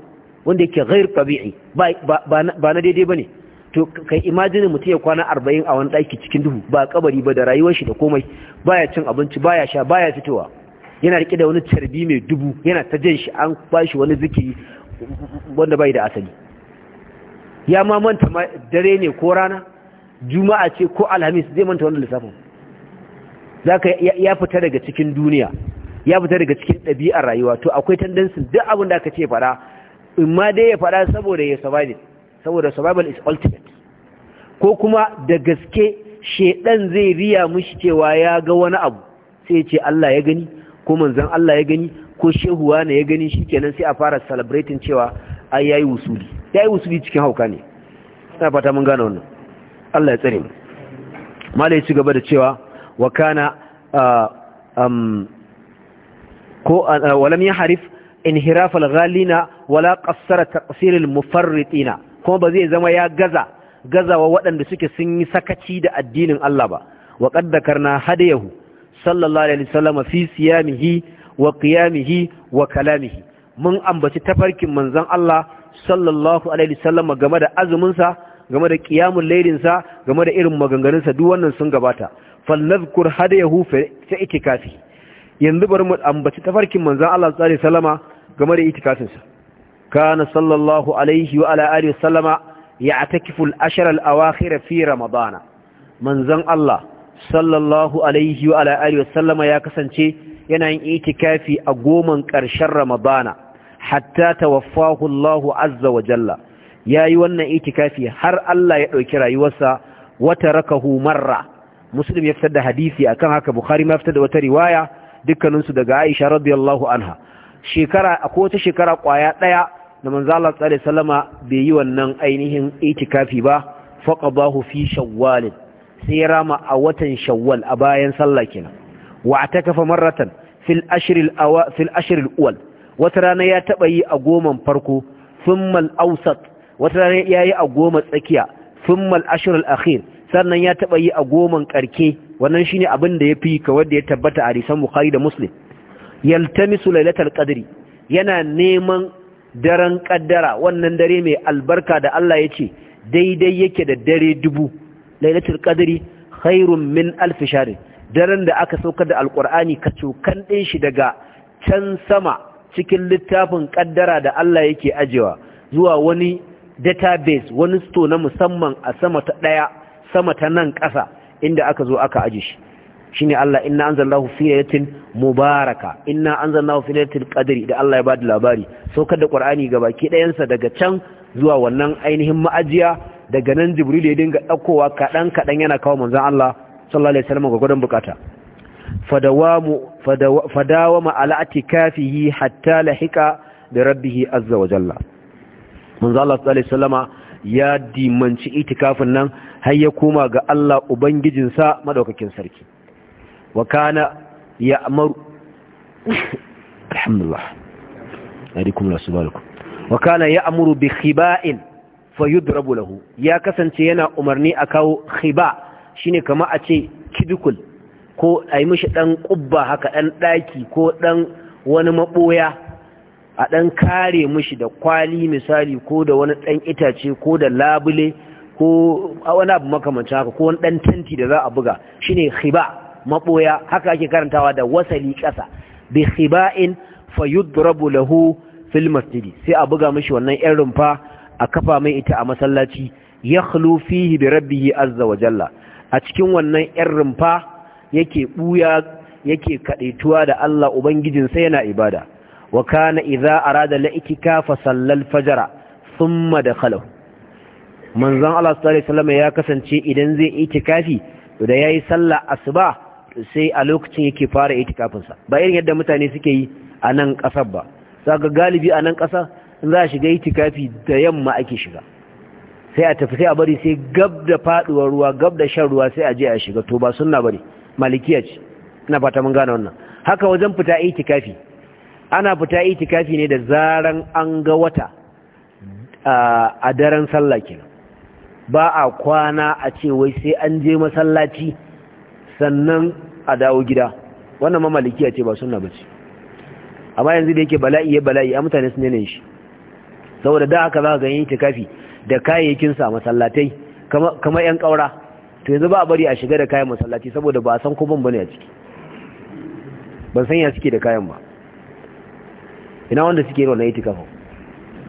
wanda yake ghair tabi'i ba na daidai bane to kai imagine mutum ya kwana 40 a wani ɗaki cikin duhu ba kabari ba da rayuwar shi da komai baya cin abinci baya sha baya fitowa yana rike da wani carbi mai dubu yana ta jan shi an bashi wani zikiri wanda bai da asali ya ma manta dare ne ko rana juma'a ce ko alhamis zai manta wannan lissafin zaka ya fita daga cikin duniya ya fita daga cikin ɗabi'ar rayuwa to akwai tendency duk abin da aka ce fara in ma dai ya fara saboda ya survive saboda survival is ultimate ko kuma da gaske shedan zai riya mushi cewa ya ga wani abu sai ya ce Allah ya gani ko manzon Allah ya gani ko shehu wane ya gani shikenan sai a fara celebrating cewa ai yayi wusuli yayi wusuli cikin hauka ne ina fata mun gane wannan Allah ya tsare mu malai ci gaba da cewa wa kana um ko walam yahrif inhiraf al wala qassara taqsir al-mufarritina kuma ba zai zama ya gaza gazawa waɗanda suke sun yi sakaci da addinin Allah ba wa qaddakarna hadayahu sallallahu alaihi wasallam fi siyamihi wa qiyamihi wa kalamihi mun ambaci tafarkin manzon Allah sallallahu alaihi wasallam game da azumin sa game da qiyamul lailin sa game da irin maganganun sa duk wannan sun gabata falnadhkur hadayahu fi itikafi yanzu bari mu ambaci tafarkin manzon Allah sallallahu alaihi wasallama game da itikafin sa kana sallallahu alaihi wa ala alihi wasallama ya'takifu al-ashara al-awakhir fi ramadana manzon Allah sallallahu alaihi wa alihi wa sallama ya kasance yana yin itikafi a goman ƙarshen ramadana hatta tawaffahu Allahu azza wa jalla yayi wannan itikafi har Allah ya dauki rayuwarsa wa tarakahu marra muslim ya fitar da hadisi akan haka bukhari ma fitar da wata riwaya dukkanin su daga Aisha radiyallahu anha shekara ko ta shekara kwaya daya da manzo Allah sallallahu alaihi bai yi wannan ainihin itikafi ba faqadahu fi shawwal sai rama a watan shawwal a bayan sallah kenan wa atakafa marratan fil ashril awa fil ashril awal wata rana ya taba yi a goman farko thumma al awsat wata rana ya yi a goma tsakiya thumma al akhir sannan ya taba yi a goman karke wannan shine abin da yafi ka wanda ya tabbata a hadisan bukhari da muslim yaltamisu lailatul qadri yana neman daren kaddara wannan dare mai albarka da Allah ya ce daidai yake da dare dubu lailatul qadri khairun min alf shahr daren da aka saukar da alqur'ani cukan din shi daga can sama cikin littafin kaddara da Allah yake ajewa zuwa wani database wani store na musamman a sama ta daya sama ta nan kasa inda aka zo aka aje shi shine Allah inna anzalallahu fi laylatin mubaraka inna anzalallahu fi laylatil qadri da Allah ya bada labari saukar da Qur'ani gabaki ɗayansa daga can zuwa wannan ainihin ma'ajiya daga nan jibril ya dinga ɗaukowa kaɗan kaɗan yana kawo manzan Allah sallallahu alaihi wasallam gwagwadon bukata fadawa ma'ala a tikafihi hatta lahika da rabbihi azza wa jalla manzan Allah sallallahu alaihi wasallama ya dimanci itikafin nan har ya koma ga Allah ubangijinsa madaukakin sarki wa kana ya'maru alhamdulillah alaikum wa kana ya'muru bi khiba'in fa yudrabu lahu ya kasance yana umarni a kawo khiba shine kama a ce kidukul ko a yi mishi dan kubba haka dan daki ko dan wani maboya a ɗan kare mishi da kwali misali ko da wani dan itace ko da labule ko wani abu makamancin haka ko wani dan tanti da za a buga shine khiba maboya haka ake karantawa da wasali kasa bi khiba'in fayudrabu lahu fil masjidi sai a buga mishi wannan yan rumfa a kafa mai ita a masallaci ya fihi bi rabbihi azza wa jalla a cikin wannan yan rumfa yake buya yake kadaituwa da Allah ubangijin ubangijinsa yana ibada wa kana idza arada la itikafa sallal fajra thumma dakhala manzon Allah sallallahu alaihi wasallam ya kasance idan zai itikafi da yayi sallah asuba sai a lokacin yake fara sa ba irin yadda mutane suke yi a nan kasar ba saka galibi a nan kasar in za a shiga itikafi da yamma ake shiga sai a tafi sai a bari sai gab da faduwar ruwa gab da shan ruwa sai a je a shiga to ba sunna bane malikiya ce ina fata mun gane wannan haka wajen fita itikafi ana fita itikafi ne da zaran an ga wata a daren sallah kenan ba a kwana a ce wai sai an je masallaci sannan a dawo gida wannan ma malikiya ce ba sunna bace amma yanzu da yake bala'i ya bala'i a mutane su ne ne shi saboda da aka za ka ganin itikafi da kayayyakin sa masallatai kama kama yan kaura to yanzu ba a bari a shiga da kayan masallati saboda ba a san ko ban bane a ciki ban san ya suke da kayan ba ina wanda suke wannan itikafin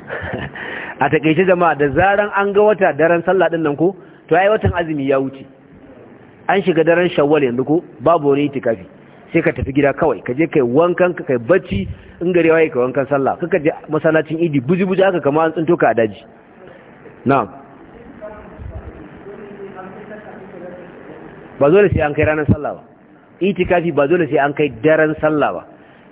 a takeice jama'a da zaran an ga wata daren sallah din nan ko to ai watan azumi ya wuce an shiga daren shawwal yanzu ko babu wani itikafi sai ka tafi gida kawai ka je kai wankan ka kai bacci in gare waye ka wankan sallah kaka je masallacin idi buji buji aka kama an tsinto ka a daji na'am ba dole sai an kai ranar sallah ba itikafi ba dole sai an kai daren sallah ba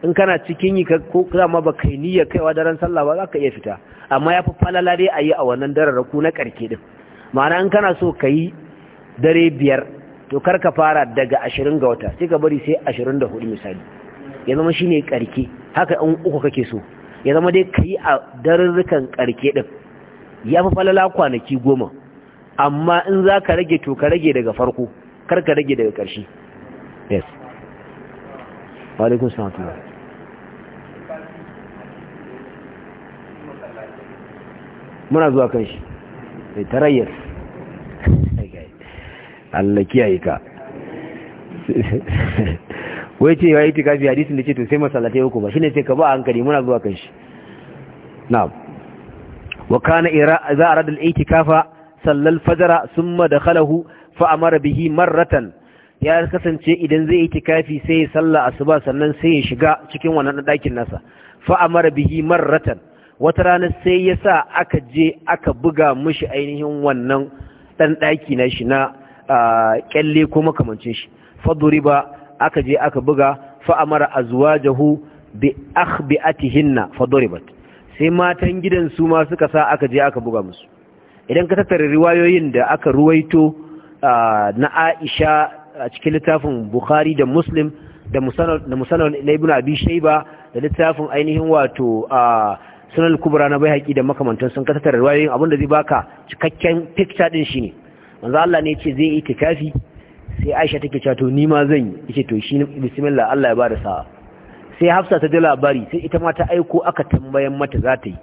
in kana cikin yi ko ma ba kai niyyar kaiwa daren sallah ba za ka iya fita amma ya fi falala dai a yi a wannan daren raku na karke din ma'ana in kana so ka yi dare biyar to kar ka fara daga ashirin ga wata sai ka bari sai ashirin da hudu misali ya zama shine karke haka in uku kake so ya zama dai ka yi a darurrukan karke din ya fi falala kwanaki goma amma in za ka rage to ka rage daga farko kar ka rage daga ƙarshe yes wa alaikun salatullah muna zuwa kan shi tarayyar Allah kiyaye ka wai ce yayi kafi hadisin da ce to sai masallatai uku ba shine sai ka ba hankali muna zuwa kan shi na'am wa kana za arad al-i'tikafa sallal fajr thumma dakhalahu fa amara bihi marratan ya kasance idan zai itikafi sai ya salla asuba sannan sai ya shiga cikin wannan dakin nasa fa amara bihi marratan wata rana sai ya sa aka je aka buga mushi ainihin wannan dan daki na shi na kyalle ko makamancin shi ba aka je aka buga fa amara azwajahu bi akhbiatihinna ba sai matan gidan su ma suka sa aka je aka buga musu idan ka tattara riwayoyin da aka ruwaito na Aisha a cikin littafin Bukhari da Muslim da musanar na Ibn Abi Shayba da littafin ainihin wato sunan kubra na bai haƙi da makamantan sun ka tattara riwayoyin abinda zai baka cikakken picture din shine manzo Allah ne ce zai itikafi sai Aisha take cewa to ni ma zan yi yace to shi bismillah Allah ya bada sa'a sai Hafsa ta ji labari sai ita ma ta aiko aka tambayan mata za ta yi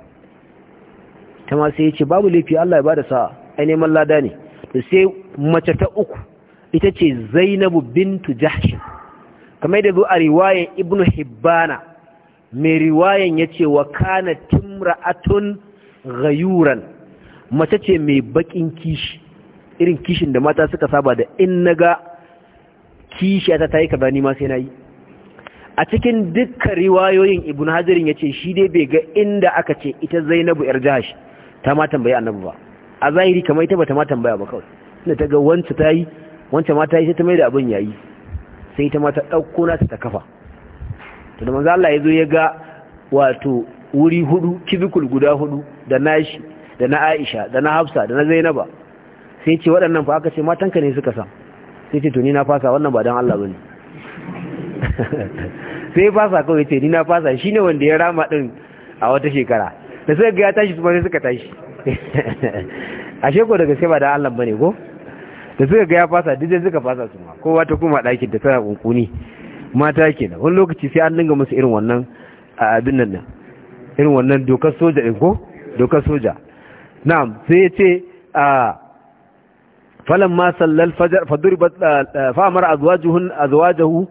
ta ma sai yace babu laifi Allah ya bada sa'a ai neman lada ne to sai mace ta uku ita ce Zainabu bintu Jahsh kamar da zo a riwayar Ibn Hibbana mai riwayan yace wa kana timra'atun ghayuran mace ce mai bakin kishi irin kishin da mata suka saba da in na ga kishi ta yi kaza ni ma sai nayi a cikin dukkan riwayoyin ibnu ya yace shi dai bai ga inda aka ce ita zainabu yar jahash ta ma tambaye annabi ba a zahiri kamar ita bata ma tambaya ba kawai tunda ta ga wancan ta yi wancan mata yi sai ta mai da abin yayi sai ta mata ɗauko dauko ta kafa to da manzo Allah yazo ya ga wato wuri hudu kibikul guda hudu da nashi da na Aisha da na Hafsa da na Zainaba sai ce waɗannan fa aka ce matanka ne suka sa sai ce to ni na fasa wannan ba don Allah bane sai ya fasa kawai ce ni na fasa Shi ne wanda ya rama ɗin a wata shekara da suka ga ya tashi su sai suka tashi A sheko daga sai ba don Allah bane ko da suka ga ya fasa duk zai suka fasa su ma kowa ta kuma ɗakin da tana kunkuni mata na. wani lokaci sai an dinga musu irin wannan abin nan nan irin wannan dokar soja ɗin ko dokar soja na'am sai ya ce a فلما صلى الفجر فضربت فامر ازواجهن ازواجه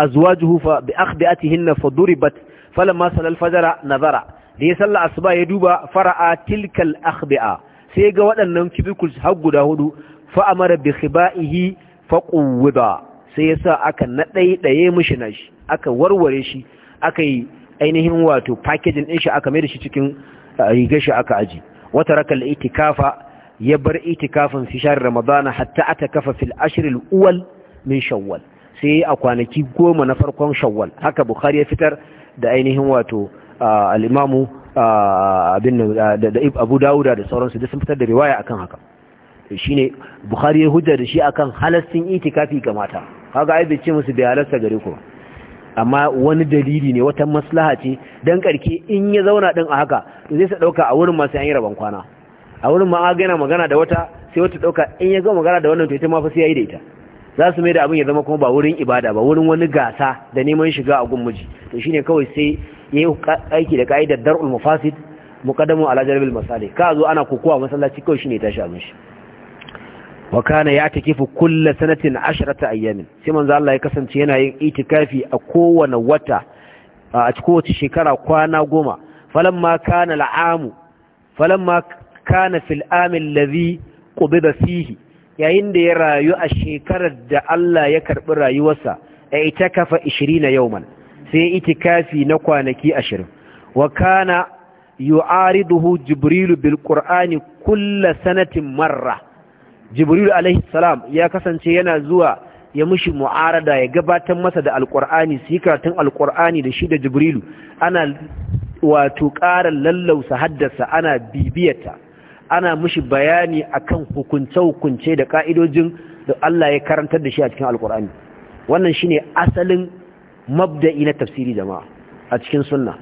ازواجه فباخبئتهن فضربت فلما صلى الفجر نظر لي صلى الصبح يدوب فراى تلك الاخبئه sai ga waɗannan cubicul har guda hudu fa’amara bi khiba’ihi faƙuwuda sai ya sa aka naɗaiɗaye mishi na shi aka warware shi aka yi ainihin wato pakejin ɗin shi aka mai da shi cikin rigashi aka aji wata rakar itikafa kafa ya bar itikafin fi ramadana hatta kafa fil ashr al min shawwal sai a kwanaki goma na farkon shawwal haka bukhari ya fitar da ainihin wato al-imamu da abu dauda da sauransu da sun fitar da riwaya akan haka shine bukhari ya hujja da shi akan halastin itikafi ga mata kaga ai bace musu bai halasta gare ku amma wani dalili ne wata maslaha ce dan karke in ya zauna din a haka to zai sa dauka a wurin masu yan rabon kwana a wurin ma yana magana da wata sai wata dauka in ya gama magana da wannan to ita ma fa sai yayi da ita za su mai da abin ya zama kuma ba wurin ibada ba wurin wani gasa da neman shiga a gummiji to shine kawai sai yayi aiki da kaidar dar'ul mufasid muqaddamu ala jalbil masalih ka zo ana kokowa masallaci kawai shine tashi abin shi wa kana takifu kull sanatin 10 ayyamin sai manzo Allah ya kasance yana yin itikafi a kowane wata a cikin wata shekara kwana goma falamma kana al'amu falamma kana fil amin ladhi qubida fihi yayin da ya rayu a shekarar da Allah ya karɓi rayuwarsa ya itakafa 20 yawman sai itikafi na kwanaki ashirin. wa kana yu'ariduhu jibril bil sanatin marra jibril alaihi ya kasance yana zuwa ya mushi mu'arada ya gabatar masa da Alƙur'ani, su karatun Alƙur'ani da shi da jibrilu ana wato ƙara lallausa haddasa ana bibiyarta ana mishi bayani akan hukunce-hukunce da ka'idojin da Allah ya karantar da shi a cikin alkur'ani wannan shine asalin mabda'i na tafsiri jama'a a cikin sunna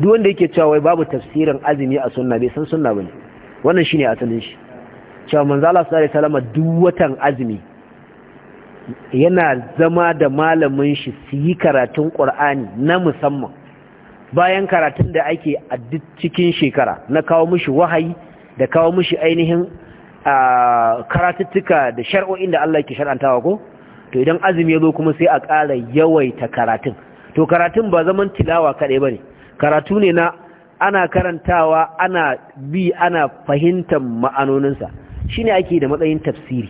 duk wanda yake cewa wai babu tafsirin azumi a sunna bai san sunna bane wannan shine asalin shi cewa manzo Allah sallallahu alaihi wasallam duk watan azumi yana zama da malamin shi su yi karatun Qur'ani na musamman bayan karatun da ake a duk cikin shekara na kawo mishi wahayi da kawo mishi ainihin karatuttuka da shar'o'in da Allah ke shar'antawa ko to idan azumi ya zo kuma sai a ƙara yawaita karatun to karatun ba zaman tilawa kaɗai ba ne karatu ne na ana karantawa ana bi ana fahimtar ma'anoninsa shi ne ake da matsayin tafsiri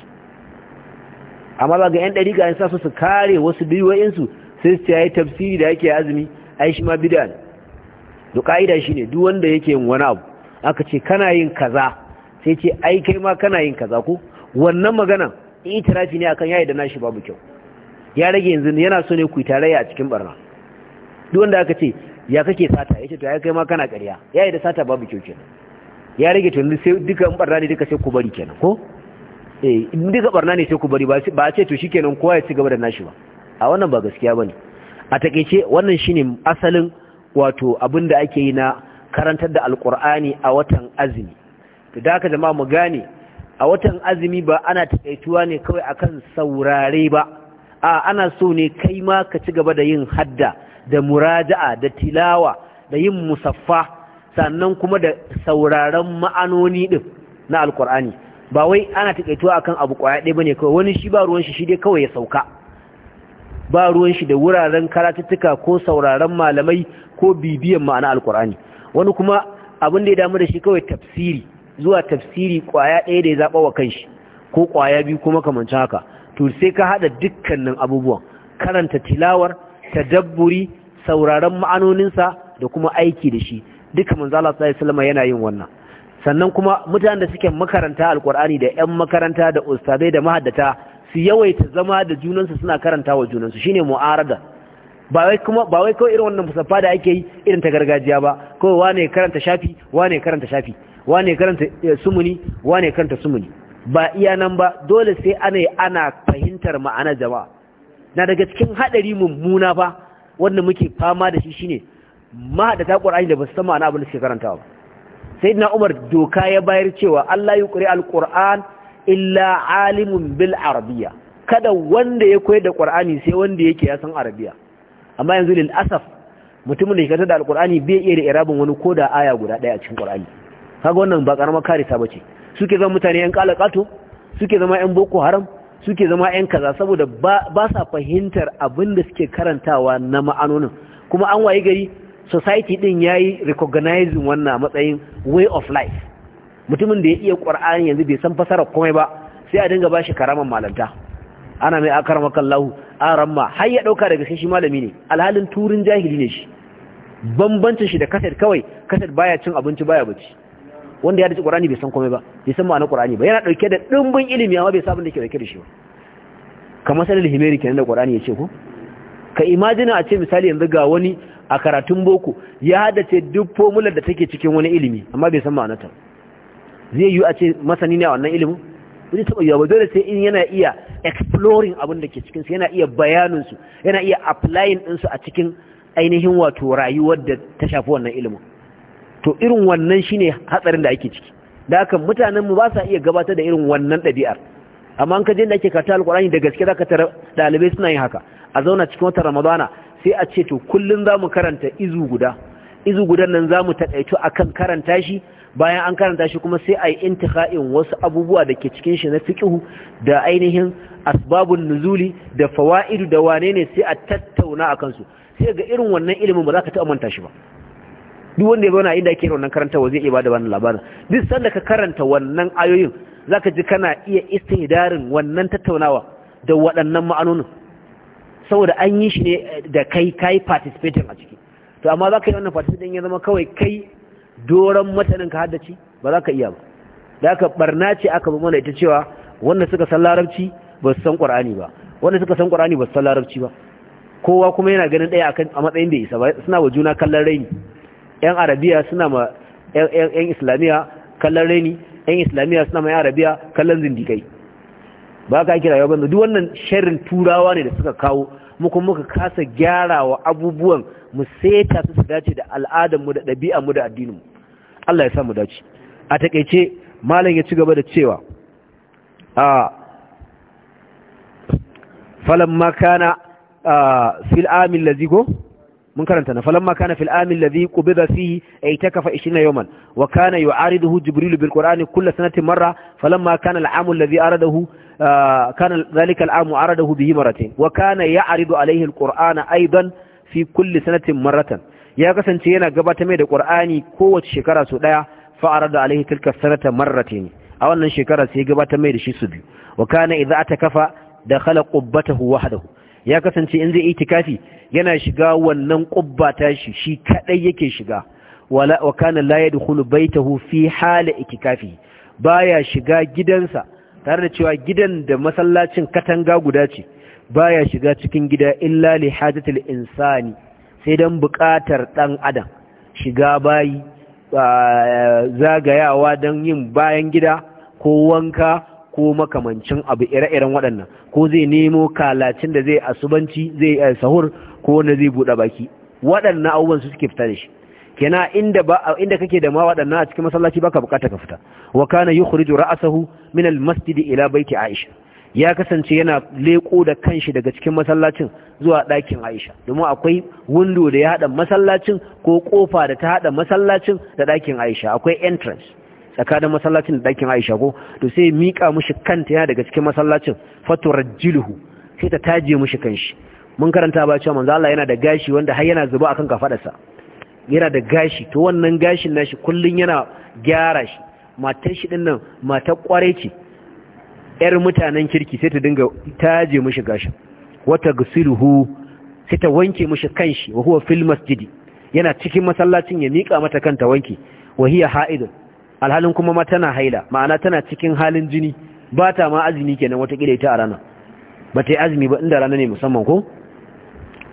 amma ba ga 'yan ɗariƙa yin sa su kare wasu biyoyinsu sai su yayi tafsiri da yake azumi ai shi ma bida ne duk ƙa'ida shi ne duk wanda yake yin wani abu aka ce kana yin kaza sai ce ai kai ma kana yin kaza ko wannan magana itirafi ne akan yayi da nashi babu kyau ya rage yanzu yana so ne ku yi tarayya a cikin barna duk wanda aka ce ya kake sata yace to ai kai ma kana ƙarya yayi da sata babu kyau kenan ya rage to sai duka barna ne duka sai ku bari kenan ko eh duka barna ne sai ku bari ba a ce to shikenan kowa ya ci gaba da nashi ba a wannan ba gaskiya bane a takeice wannan shine asalin wato abin da ake yi na karantar da alkur'ani a watan azumi to da ka jama'a mu gane a watan azumi ba ana taƙaituwa ne kawai akan saurare ba a ana so ne kai ma ka ci gaba da yin hadda da muraja'a da tilawa da yin musaffa sannan kuma da sauraron ma'anoni din na alkur'ani ba wai ana taƙaituwa akan abu ƙwaya ɗaya bane kawai wani shi ba ruwan shi shi dai kawai ya sauka ba ruwan shi da wuraren karatuttuka ko sauraron malamai ko bibiyan ma'ana alkur'ani wani kuma abin da ya damu da shi kawai tafsiri zuwa tafsiri kwaya ɗaya da ya zaɓa wa kanshi ko kwaya biyu kuma makamancin haka to sai ka haɗa dukkanin abubuwan karanta tilawar ta dabburi, sauraron ma'anoninsa da kuma aiki da shi duka manzo Allah sallallahu yana yin wannan sannan kuma mutanen da suke makaranta alkur'ani da ƴan makaranta da ustadai da mahaddata su yawaita zama da junansu suna karanta wa junansu shine mu'arada ba wai kuma ba wai kawai irin wannan musaffa da ake yi irin ta gargajiya ba kawai wane karanta shafi wane karanta shafi wane karanta eh, sumuni wane karanta sumuni ba iya nan ba dole sai ana ana fahimtar ma'ana jama'a na daga cikin hadari mummuna fa wanda muke fama da shi shine mahaddata Qur'ani da su san ma'ana abin da suke karantawa sayyidina Umar doka ya bayar cewa Allah yi al Alƙur'an illa alimun bil arabiya. kada wanda ya koyar da Qur'ani sai wanda yake ya san arabiya amma yanzu lil asaf mutumin da ke da alqur'ani bai iya da irabin wani koda aya guda daya a cikin qur'ani kaga wannan ba karama karisa bace suke zama mutane yan kalakato suke zama yan boko haram suke zama yan kaza saboda ba sa fahimtar abinda da suke karantawa na ma'anonin kuma an waye gari society din yayi recognizing wannan matsayin way of life mutumin da ya iya qur'ani yanzu bai san fasara komai ba sai a dinga bashi karaman malanta ana mai kallahu aran ma har ya ɗauka daga sai shi malami ne alhalin turin jahili ne shi bambancin shi da kaset kawai kaset baya cin abinci baya bacci wanda ya dace qur'ani bai san komai ba bai san ma'anar qur'ani ba yana dauke da ɗimbin ilimi amma bai sabon da ke dauke da shi ba kamar sanin himeri kenan da qur'ani ce ko ka imajina a ce misali yanzu ga wani a karatun boko ya ce duk formular da take cikin wani ilimi amma bai san ma'anarta zai yi a ce masani ne a wannan ilimin wani taɓa yawa dole sai in yana iya exploring abin da ke cikinsu yana iya bayaninsu yana iya applying ɗinsu a cikin ainihin wato rayuwar da ta shafi wannan ilimin to irin wannan shine hatsarin da ake ciki da haka mutanen mu ba sa iya gabatar da irin wannan ɗabi'ar amma an ka da ake karta alƙur'ani da gaske zaka tara ɗalibai suna yin haka a zauna cikin watan ramadana sai a ce to kullun zamu karanta izu guda izu gudan nan zamu taƙaito akan karanta shi bayan an karanta shi kuma sai a yi intikha'in wasu abubuwa da ke cikin shi na fiƙihu da ainihin asbabun nuzuli da fawa'idu da wane ne sai a tattauna a kansu sai ga irin wannan ilimin ba za ka taɓa manta shi ba duk wanda ya zauna inda ake a wannan karantawa zai iya bada wannan labarin duk sanda ka karanta wannan ayoyin za ka ji kana iya istihdarin wannan tattaunawa da waɗannan ma'anonin saboda an yi shi ne da kai kai participating a ciki to amma za ka yi wannan participating ya zama kawai kai doron matanin ka haddace ba za ka iya ba da aka barna ce aka mana ita cewa wanda suka san larabci ba su san qur'ani ba wanda suka san qur'ani ba su san larabci ba kowa kuma yana ganin daya akan a matsayin da isa ba suna wa juna kallon raini yan arabiya suna ma yan islamiya kallon raini yan islamiya suna ma yan arabiya kallon zindikai ba ka kira yau da duk wannan sharrin turawa ne da suka kawo mu muka kasa gyara wa abubuwan mu seta su su dace da al'adar mu da ɗabi'ar mu da addinin mu Allah ya samu dace a takeice malam ya ci gaba da cewa a falamma kana fil amil ladhi go mun karanta na falamma kana fil amil ladhi qubida fihi ay takafa 20 yawman wa kana yu'ariduhu jibril bil qur'ani kull sanatin marra falamma kana al aam alladhi aradahu كان ذلك العام عرضه به مرتين وكان يعرض عليه القرآن أيضا fi كل sanatin marratan. ya kasance yana gabatar mai da Qur'ani kowace shekara su daya fa arada alaihi tilka sanata marratin a wannan shekara sai gabatar mai da shi su biyu wa kana idza atakafa dakhala qubbatahu wahdahu ya kasance in zai itikafi yana shiga wannan qubba ta shi shi kadai yake shiga wala wa kana la yadkhulu baytahu fi hali itikafi baya shiga gidansa tare da cewa gidan da masallacin katanga guda ce baya shiga cikin gida illa li hajatil insani sai don buƙatar ɗan adam shiga bayi zagayawa don yin bayan gida ko wanka ko makamancin abu ire-iren waɗannan ko zai nemo kalacin da zai asubanci zai eh, sahur ko wanda zai buɗe baki waɗannan abubuwan su suke fita da shi kena inda ba inda kake da ma waɗannan a cikin masallaci baka bukata ka fita wa kana yukhriju ra'sahu min al-masjid ila baiti aisha ya kasance yana leko da kanshi daga cikin masallacin zuwa ɗakin Aisha domin akwai window da ya haɗa masallacin ko kofa da ta haɗa masallacin da ɗakin Aisha akwai entrance tsakanin masallacin da ɗakin Aisha ko to sai miƙa mushi kanta yana daga cikin masallacin jilhu sai ta taje mushi kanshi mun karanta ba cewa manzo Allah yana da gashi wanda har yana zuba akan kafadarsa yana da gashi to wannan gashin nashi kullun yana gyara shi matar shi dinnan matar kwarai ce yar mutanen kirki sai ta dinga taje mashi gashin wata gusiruhu sai ta wanke mashi kanshi wa huwa fil masjidi yana cikin masallacin ya mika mata kanta wanke wa hiya ha'idun alhalin kuma ma tana haila ma'ana tana cikin halin jini ba ta ma azumi kenan wata kila ita a rana ba ta yi azumi ba inda rana ne musamman ko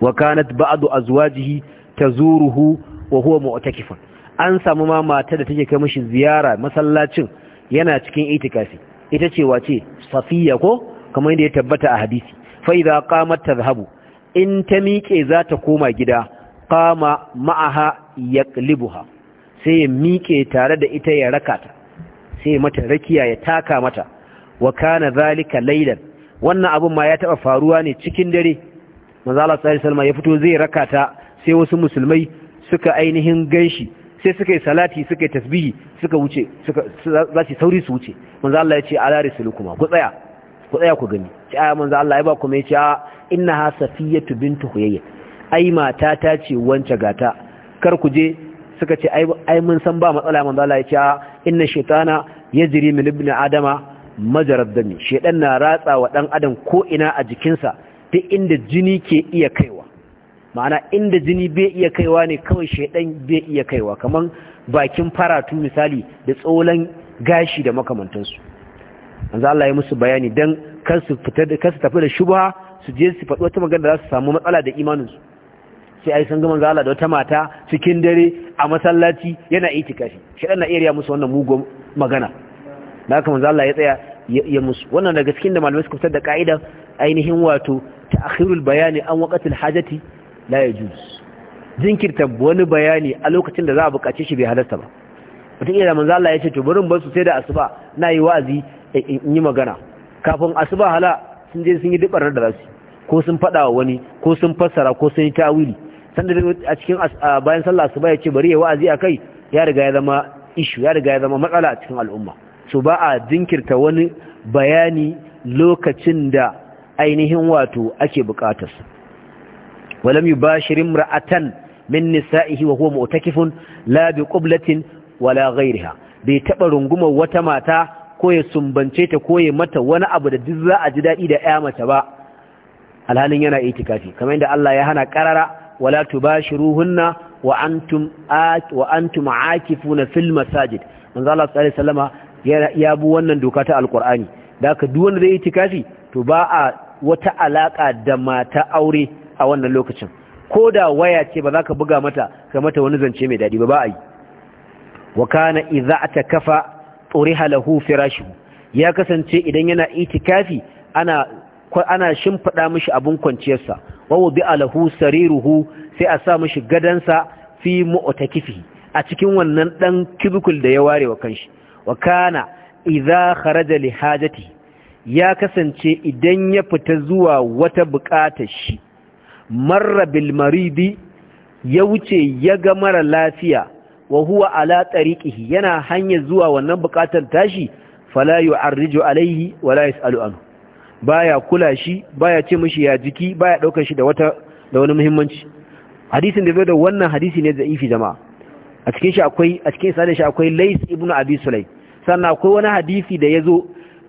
wa kanat ba'du azwajihi tazuruhu wa huwa mu'takifun an samu ma mata da take kai mashi ziyara masallacin yana cikin itikafi ita ce wace safiya ko kamar yadda ya tabbata a hadisi fa idza qamat tadhhabu in ta miƙe za ta koma gida qama ma'aha yaqlibuha sai ya miƙe tare da ita ya raka sai ya mata rakiya ya taka mata wa kana zalika laylan wannan abun ma ya taba faruwa ne cikin dare manzo Allah sallallahu alaihi wasallam ya fito zai raka ta sai wasu musulmai suka ainihin ganshi sai suka yi salati suka yi tasbihi suka wuce suka za su sauri su wuce manzo Allah ya ce ala risulukuma ku tsaya ku tsaya ku gani ci aya manzo Allah ya ba kuma ya Inna ha safiyatu bintu huyayya ai mata ta ce wance gata kar ku je suka ce ai mun san ba matsala manzo Allah ya ce inna shaytana yajri min ibni adama majarad dami shaytan na ratsa wa dan adam ko ina a jikinsa duk inda jini ke iya kaiwa ma'ana inda jini bai iya kaiwa ne kawai shaidan bai iya kaiwa kamar bakin faratu misali da tsolan gashi da makamantansu manzo Allah ya musu bayani don kar su tafi da shubha su je su faɗi wata magana da za su samu matsala da imaninsu. Sai a yi sun gaman manzo Allah da wata mata cikin dare a masallaci yana itikafi shaɗan na iya musu wannan mugo magana da haka manzo Allah ya tsaya ya musu wannan daga cikin da malamai suka fitar da ka'ida ainihin wato ta'khirul bayani an waqatil hajati la juz jinkirta wani bayani a lokacin da za a buƙace shi bai halarta ba mutum iya manzo Allah ya ce to barin bar su sai da asuba na yi wa'azi eh, eh, in yi magana kafin asuba hala sun je sun yi dubarar da su ko sun faɗa wa wani ko sun fassara ko sun yi tawili sanda a cikin bayan sallah asuba ya ce bari ya wa'azi kai ya riga ya zama ishu ya riga ya zama matsala a cikin al'umma so ba a jinkirta wani bayani lokacin da ainihin wato ake bukatarsa ولم يباشر امرأة من نسائه وهو مؤتكف لا بقبلة ولا غيرها بيتبرن قم وتماتا كوي سنبنشيت كوي متى وانا أبدا جزاء جدائي دا آمة با الهانين ينا ايتكافي كما عند الله يهانا كرر ولا تباشروهن وأنتم, آت وأنتم عاكفون في المساجد manzo Allah sallallahu alaihi wasallama ya bu wannan doka ta alqur'ani da haka duk wanda zai itikafi to ba a wata alaka da mata aure a wannan lokacin ko da waya ce ba za ka buga mata ka mata wani zance mai daɗi ba ba a yi wa kana idza atakafa turiha lahu firashu ya kasance idan yana itikafi ana ana shimfida mashi abun kwanciyarsa wa wudi'a lahu sariruhu sai a sa mishi gadansa fi mu'takifi a cikin wannan dan kibikul da ya ware wa kanshi wa kana idza kharaja li hajati ya kasance idan ya fita zuwa wata buƙatar shi marra bil maridi ya wuce ya ga mara lafiya wa huwa ala tariqihi yana hanya zuwa wannan bukatar tashi fala yu'arriju alaihi wala yas'alu anhu baya kula shi baya ce mishi ya jiki baya daukar shi da wata da wani muhimmanci hadisin da zai da wannan hadisi ne za'ifi jama'a a cikin shi akwai a cikin sa shi akwai Lais Ibnu, Abi sulay sannan akwai wani hadisi da yazo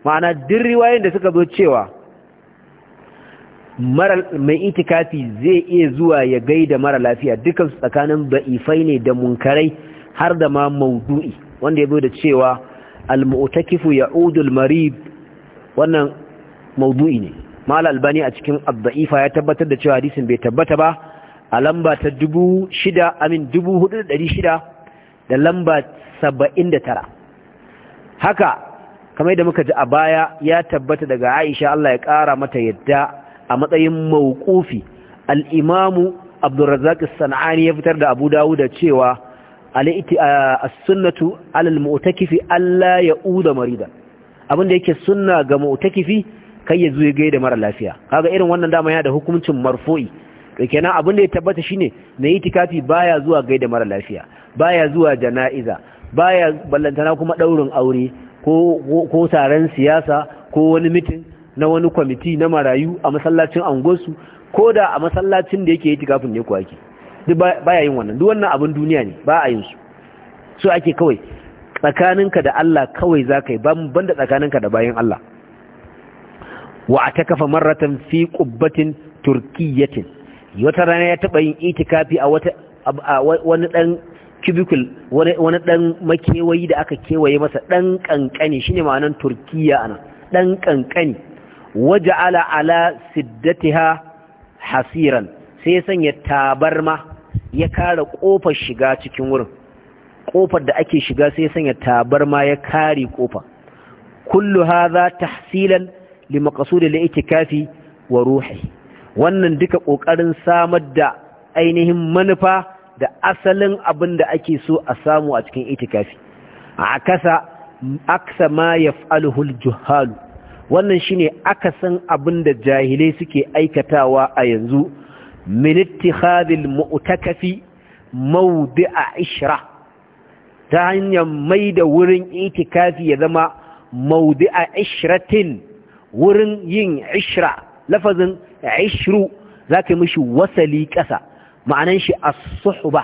ma'ana duk riwayoyin da suka zo cewa mai itikafi zai iya zuwa ya gaida mara lafiya dukansu tsakanin ba'ifai ne da munkarai har da ma maudu'i wanda ya zo da cewa al-mu'takifu ya'udul wannan maudu'i ne mal albani a cikin Abba'ifa ya tabbatar da cewa hadisin bai tabbata ba a lamba ta dubu amin dubu da lamba saba'in haka kamar da muka ji a baya ya tabbata daga aisha Allah ya ƙara mata yadda a matsayin maukufi al'imamu imamu abdurrazzaq as-sanani ya fitar da abu dawud cewa as-sunnatu 'ala al-mu'takifi alla ya'uda marida abin da yake sunna ga mu'takifi kai ya zo ya gaida mara lafiya kaga irin wannan dama ya da hukuncin marfu'i to kenan abin da ya tabbata shine mai itikafi baya zuwa gaida mara lafiya baya zuwa jana'iza baya ballantana kuma ɗaurin aure ko ko taron siyasa ko wani mitin na wani kwamiti na marayu a masallacin angosu ko da a masallacin da yake yi tikafin ne kuwa ke duk ba yin wannan duk wannan abin duniya ne ba a yin su so ake kawai tsakaninka da Allah kawai za ka yi banda tsakaninka da bayan Allah wa a ta kafa marratan fi kubbatin turkiyyatin wata rana ya taɓa yin itikafi a wani ɗan cubicle wani ɗan makewayi da aka kewaye masa ɗan ƙanƙani shine ma'anan Turkiyya ana ɗan ƙanƙani waja'ala ala siddatiha hasiran sai ya sanya tabarma ya kare kofar shiga cikin wurin kofar da ake shiga sai ya sanya tabarma ya kare kofa kullu hadha tahsilan li al-i'tikafi wa ruhi wannan duka kokarin samar da ainihin manufa da asalin abin da ake so a samu a cikin itikafi a kasa aksa ma yaf'aluhu al-juhalu wannan shine akasin abin da jahilai suke aikatawa a yanzu min ittikhadil mu'takafi mawdi'a ishra ta hanyar mai da wurin itikafi ya zama mawdi'a ishratin wurin yin ishra lafazin ishru zaka mishi wasali ƙasa ma'anan shi as-suhba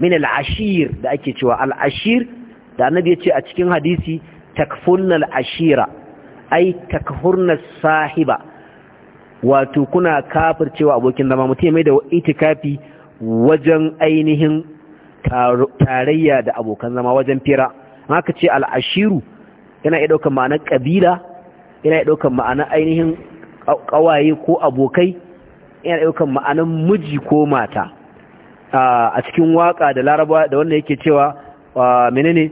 min al-ashir da ake cewa al-ashir da annabi yace a cikin hadisi takfunnal ashira ai takhurna sahiba wato kuna kafircewa abokin zama mutum mai da itikafi wajen ainihin tarayya da abokan zama wajen fira haka ce al'ashiru yana iya daukan ma'anar ƙabila yana iya daukan ma'anar ainihin ƙawaye ko abokai yana daukan ma'anar miji ko mata ah, a cikin waka da laraba da wanda yake cewa ah, menene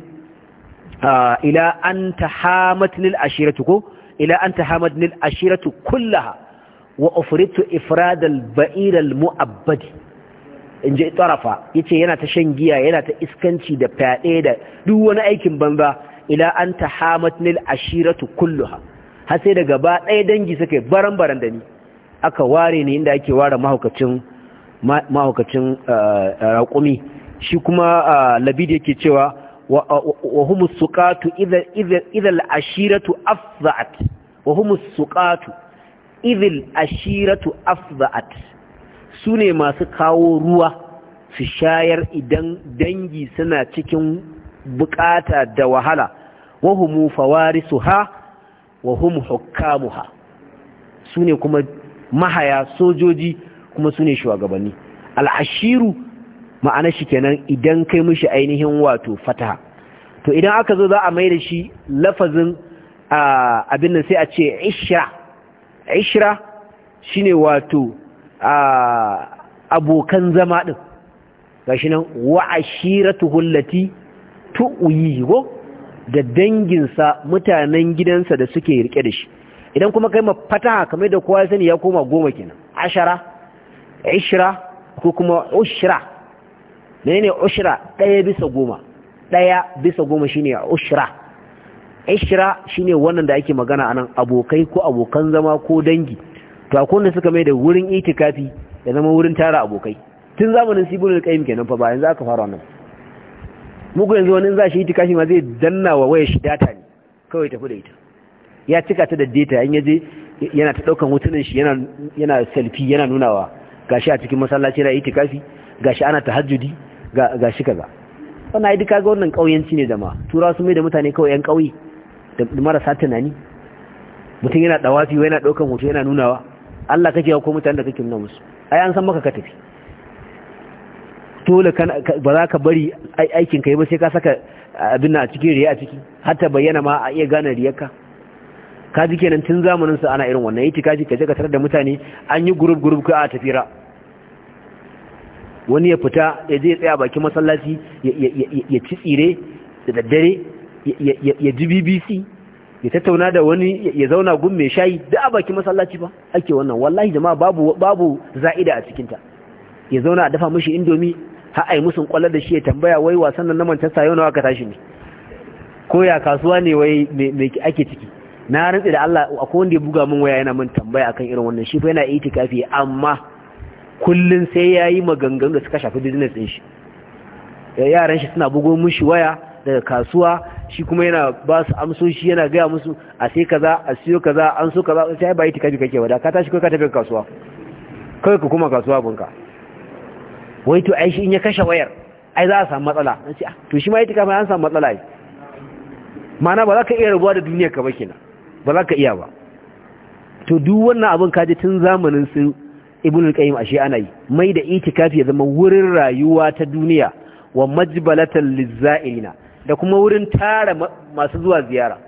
ila an ta lil ashiratu ko ila an tahamat lil ashiratu kullaha wa ufritu ifrad al ba'ir mu'abbad in ji tarafa yace yana ta shan giya yana ta iskanci da fyaɗe da duk wani aikin banza ila an tahamat lil ashiratu kulluha har sai da gaba ɗaya dangi suka baran baran da ni aka ware ne inda ake ware mahaukacin mahaukacin raƙumi shi kuma labidi yake cewa wa humus suqatu idza idza al-ashiratu afza'at wa humus sune masu kawo ruwa su shayar idan dangi suna cikin buƙata da wahala wa humu fawarisuha wa hum hukkamuha sune kuma mahaya sojoji kuma sune shugabanni al-ashiru Ma'ana shi kenan idan kai mishi ainihin wato fataha to idan aka zo za a mai da shi lafazin abin nan sai a ce ishra ishra shine wato abokan zama din gashi nan wa ashiratuhu allati tu'yi go da danginsa mutanen gidansa da suke rike da shi idan kuma kai ma mafataha kamar da kowa sani ya koma goma kenan ashara ishra ko kuma ushra menene ushra ɗaya bisa goma ɗaya bisa goma shine ushra ishra shine wannan da ake magana anan abokai ko abokan zama ko dangi to akwai wanda suka mai da wurin itikafi ya zama wurin tara abokai tun zamanin sibul qayyim kenan fa ba yanzu aka fara wannan muku yanzu wani za shi itikafi ma zai danna wa waya shi data ne kawai tafi da ita ya cika ta da data in yaje yana ta daukan hotunan shi yana yana selfie yana nunawa gashi a cikin masallaci da itikafi gashi ana tahajjudi gashi kaza wannan idan duka wannan kauyanci ne jama'a tura su mai da mutane kawai yan ƙauye da marasa tunani mutum yana dawafi yana daukan hoto yana nunawa Allah kake ko mutane da kake nuna musu ai an san maka ka tafi dole ba za ka bari aikin ka yi ba sai ka saka abin a cikin riya a ciki hatta bayyana ma a iya gane riyarka ka ji kenan tun zamanin su ana irin wannan yake kaji ka je ka tarar da mutane an yi gurub gurub ka a tafira wani ya fita ya je tsaya bakin masallaci ya ci tsire da daddare ya ji bbc ya tattauna da wani ya zauna gun mai shayi da a bakin masallaci ba ake wannan wallahi jama'a babu babu za'ida a cikinta ya zauna a dafa mashi indomi har ai musun kwallar da shi ya tambaya wai wasan nan na Manchester yau nawa ka tashi ne ko ya kasuwa ne wai me ake ciki na rantsi da Allah akwai wanda ya buga min waya yana min tambaya akan irin wannan shi fa yana itikafi amma kullun sai ya yi maganganu da suka shafi business din shi yaran shi suna bugo mushi waya daga kasuwa shi kuma yana ba su amsoshi yana gaya musu a sai kaza a siyo kaza an so kaza sai ba tika bi kake wada ka tashi kai ka tafi kasuwa kai ka kuma kasuwa bunka wai to ai shi in ya kashe wayar ai za a samu matsala nace ah, to shi ma tika mai an samu matsala ai mana ba za ka iya rabuwa da duniya ka ba kenan ba za ka iya ba to duk wannan abin kaje tun zamanin su ibn al-qayyim ashe ana yi mai da itikafi ya zama wurin rayuwa ta duniya wa majbalatan lizza'ilina da kuma wurin tara masu zuwa ziyara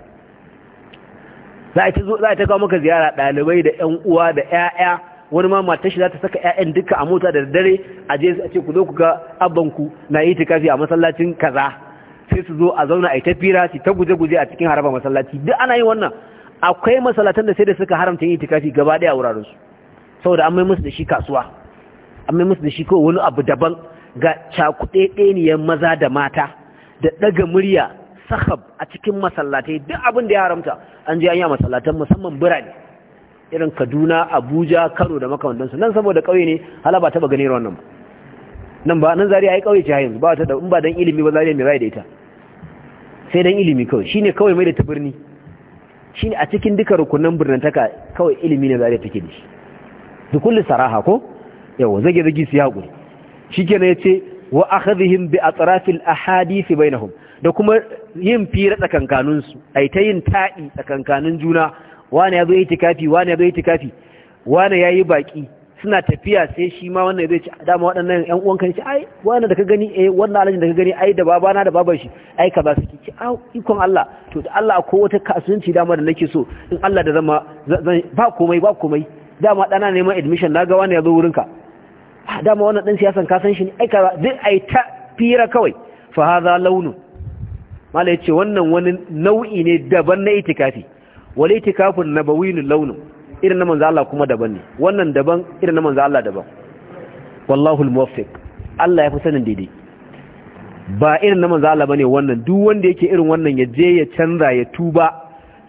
za a za ta kawo maka ziyara dalibai da ƴan uwa da ƴaƴa wani ma mata shi za ta saka ƴaƴan duka a mota da dare a je a ce ku zo ku ga abban ku na itikafi a masallacin kaza sai su zo a zauna a ita ta fira su ta guje-guje a cikin haraba masallaci duk ana yin wannan akwai masallatan da sai da suka haramta yin itikafi gaba ɗaya a wurarensu saboda an mai musu da shi kasuwa an mai musu da shi ko wani abu daban ga cakuɗeɗeniyar maza da mata da ɗaga murya sahab a cikin masallatai duk abin da ya haramta an je an yi masallatan musamman birane irin kaduna abuja kano da makamantansu nan saboda ƙauye ne hala ba taɓa ganin wannan ba nan ba nan zariya ai ƙauye ce yanzu ba ta da in ba dan ilimi ba zariya mai rai da ita sai dan ilimi kawai shine kawai mai da ta birni shine a cikin duka rukunan birnantaka kawai ilimi ne zariya take da shi bi kulli saraha ko yawa zage zage su yaƙuri shikenan yace wa akhadhihim bi atrafil ahadith bainahum da kuma yin fira tsakankanin su ai ta yin ta'i tsakankanin juna wani yazo yi tikafi wani yazo yi tikafi wani yi baki suna tafiya sai shi ma wannan zai ci dama waɗannan ƴan uwanka ne ce ai wannan da ka gani eh wannan alaji da ka gani ai da baba, na da baban shi ai ka ba su ki ci au ikon Allah to da Allah ko wata kasuwanci dama da nake so in Allah da zama ba komai ba komai dama ɗana neman admission na ga wani ya zo wurinka ah, dama wannan ɗan siyasan ka san shi ne aika duk a ta fira kawai fa haza launu ya yace wannan wani nau'i ne daban na itikafi wal itikafun nabawiyun launu irin na manzo Allah kuma daban ne wannan daban irin na manzo Allah daban wallahu almuwaffiq Allah ya fi sanin daidai ba irin na manzo Allah bane wannan duk wanda yake irin wannan ya je ya canza ya tuba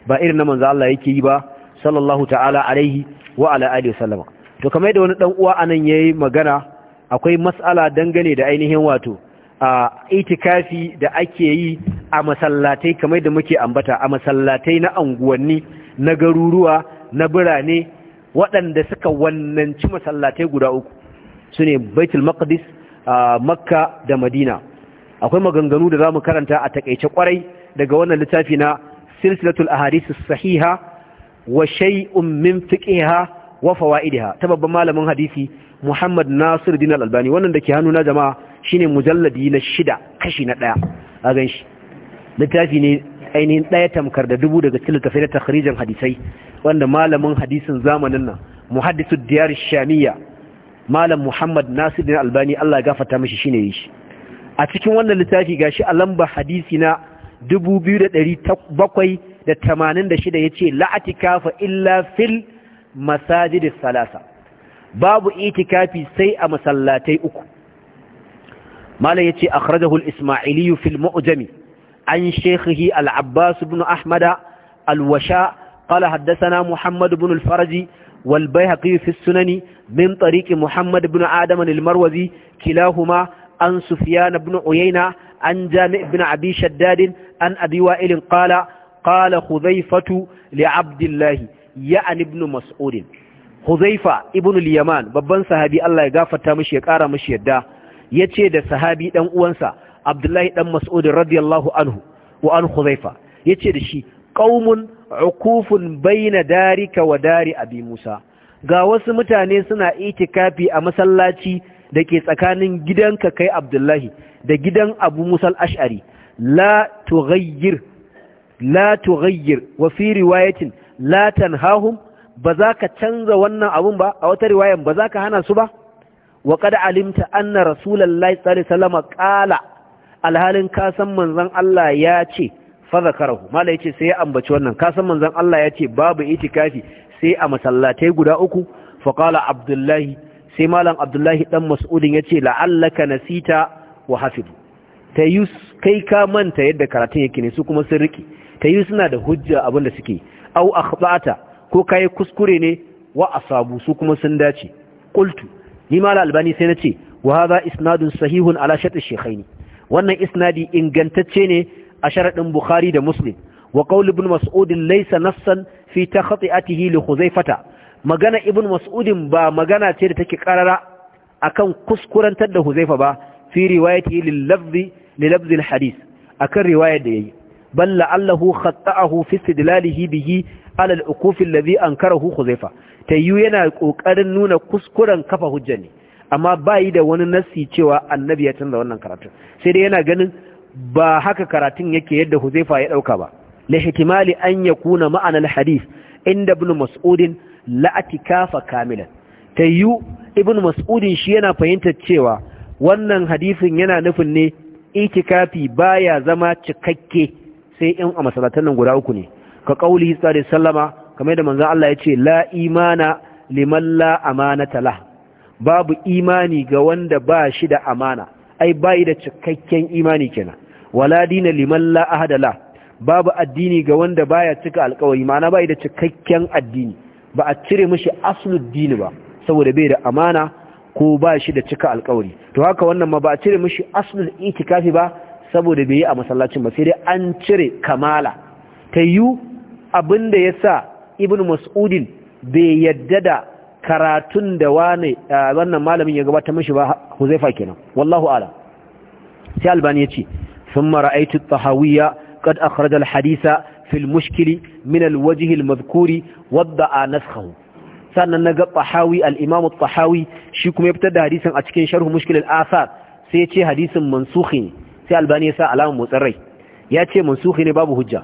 ba irin na manzo Allah yake yi ba sallallahu ta'ala alaihi wa ala alihi sallama to kamar yadda wani dan uwa anan yayi magana akwai mas'ala dangane da ainihin wato a itikafi da ake yi a masallatai kamar da muke ambata a masallatai na anguwanni na garuruwa na birane waɗanda suka wannanci masallatai guda uku sune Baitul Maqdis Makka da Madina akwai maganganu da zamu karanta a takeice kwarai daga wannan littafi na silsilatul ahadithus sahiha wa shay'un min fiqhiha wa fawaidiha ta babban malamin hadisi Muhammad Nasir Din Al-Albani wannan dake hannu na jama'a shine mujalladi na shida kashi na daya a ganshi littafi ne ainihin daya tamkar da dubu daga cikin littafai hadisai wanda malamin hadisin zamanin nan muhaddisud diyar shamiyya malam Muhammad Nasir Din Albani Allah ya gafarta mishi shine yi a cikin wannan littafi gashi a lamba hadisi na 2700 da tamanin da shida ya ce la'atikafa illa fil masajidis salasa babu itikafi sai a masallatai uku malam ya ce akhrajahu al-ismaili fil mu'jami an shaykhihi al bin ibn ahmada al-washa qala haddathana muhammad ibn faraji farji fi sunani min tsariki muhammad bin adama al kilahuma an sufyan bin uyaina an jami' bin abi shaddad an abi wa'il qala قال خذيفة لعبد الله يعني ابن مسعود خذيفة ابن babban sahabi Allah ya gafarta mishi ya kara mishi yadda yace da sahabi dan uwansa Abdullahi Ɗan Mas'ud radiyallahu anhu wa an Khuzaifa yace da shi qaumun ukufun baina darika wa dari Abimusa. ga wasu mutane suna itikafi a masallaci da ke tsakanin gidanka kai Abdullahi da gidan Abu Musa ashari la tughayyir la tughayyir wafi fi latan la tanhahum ka canza wannan abun ba a wata riwayan ba ka hana su ba wa qad alimta anna rasulullahi sallallahu alaihi wasallam qala alhalin ka san manzon Allah ya ce fa zakarahu mallai yace sai ya ambaci wannan ka san manzon Allah ya ce babu itikafi sai a masallatai guda uku fa qala abdullahi sai malam abdullahi dan mas'udin ya ce, la'allaka nasita wa hafidu ta yus kai ka manta yadda karatun yake ne su kuma sun riki ta suna da hujja abin da suke au akhbata ko kai kuskure ne wa asabu su kuma sun dace qultu ni mal albani sai nace wa hadha isnadun sahihun ala shart shaykhaini wannan isnadi ingantacce ne a sharadin bukhari da muslim wa qawl ibn mas'ud laysa nassan fi takhati'atihi li khuzaifata magana ibn mas'ud ba magana ce da take karara akan kuskurantar da huzaifa ba fi riwayatihi lil lafzi li lafzi al hadith akan riwayar da yayi بل لعله خطأه في استدلاله به على الأكوف الذي أنكره خزيفة تيو yana ƙoƙarin nuna kuskuren kafa hujja ne amma bai da wani nassi cewa annabi ya canza wannan karatun sai dai yana ganin ba haka karatun yake yadda huzaifa ya dauka ba la hikimali an yakuna ma'ana al-hadith inda ibn mas'ud la atikafa kamilan tayu ibn mas'ud shi yana fahimtar cewa wannan hadisin yana nufin ne itikafi baya zama cikakke sai in a masalatan nan guda uku ne ka kauli sallallahu da sallama kamar da manzon Allah yace la imana liman la amana tala. babu imani ga wanda ba shi da amana ai yi da cikakken imani kenan wala dina liman la ahada babu addini ga wanda baya cika alkawari ma'ana yi da cikakken addini ba a cire mishi aslud ba saboda bai da amana ko ba shi da cika alkawari to haka wannan ma ba a cire mishi aslul itikafi ba saboda bai yi a masallacin ba sai dai an cire kamala ta yi abin da ya sa ibn mas'udin bai yadda da karatun da wane wannan malamin ya gabata mashi ba huzaifa kenan wallahu ala sai albani ya ce sun mara'aitu tahawiyya kad kharajar hadisa fil mushkili min alwajihi almadhkuri wadda a naskhahu sannan na ga al al'imamu tsahawi shi kuma ya fitar da hadisin a cikin sharhu mushkilin asar sai ya ce hadisin ne sai albani ya sa alamun motsin rai ya ce mansuhi ne babu hujja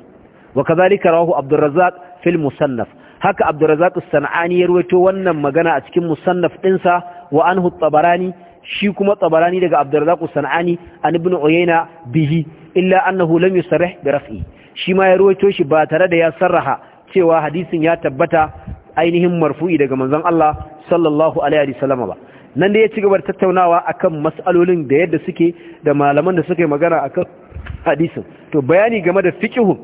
wa kazalika rawahu abdurrazzaq fil musannaf haka abdurrazzaq as-sanani ya ruwaito wannan magana a cikin musannaf dinsa wa anhu tabarani shi kuma tabarani daga abdurrazzaq as-sanani an ibn uyayna bihi illa annahu lam yusarrih bi raf'i shi ma ya ruwaito shi ba tare da ya sarraha cewa hadisin ya tabbata ainihin marfu'i daga manzon Allah sallallahu alaihi wasallam ba nan da ya ci gaba da tattaunawa akan matsalolin da yadda suke da malaman da suka magana akan hadisin to bayani game da fiqhu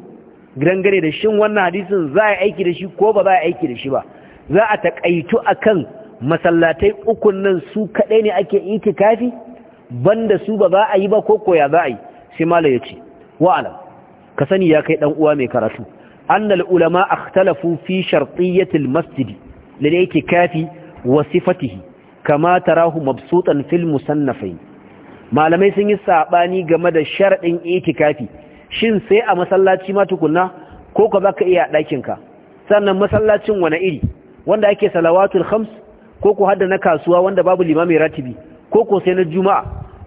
dangane da shin wannan hadisin za a aiki da shi ko ba za a aiki da shi ba za a takaitu akan masallatai uku nan su kadai ne ake itikafi banda su ba za a yi ba ko koya za a yi sai ya ce wa'alam ka sani ya kai dan uwa mai karatu annal ulama ikhtalafu fi shartiyyatil masjid lil kafi wa sifatihi kama tarahu mabsutan fil musannafai malamai sun yi sabani game da sharadin itikafi shin sai a masallaci ma tukunna ko ka baka iya ɗakin ka sannan masallacin wani iri wanda ake salawatul khams ko ko hadda na kasuwa wanda babu limami ratibi ko ko sai na juma'a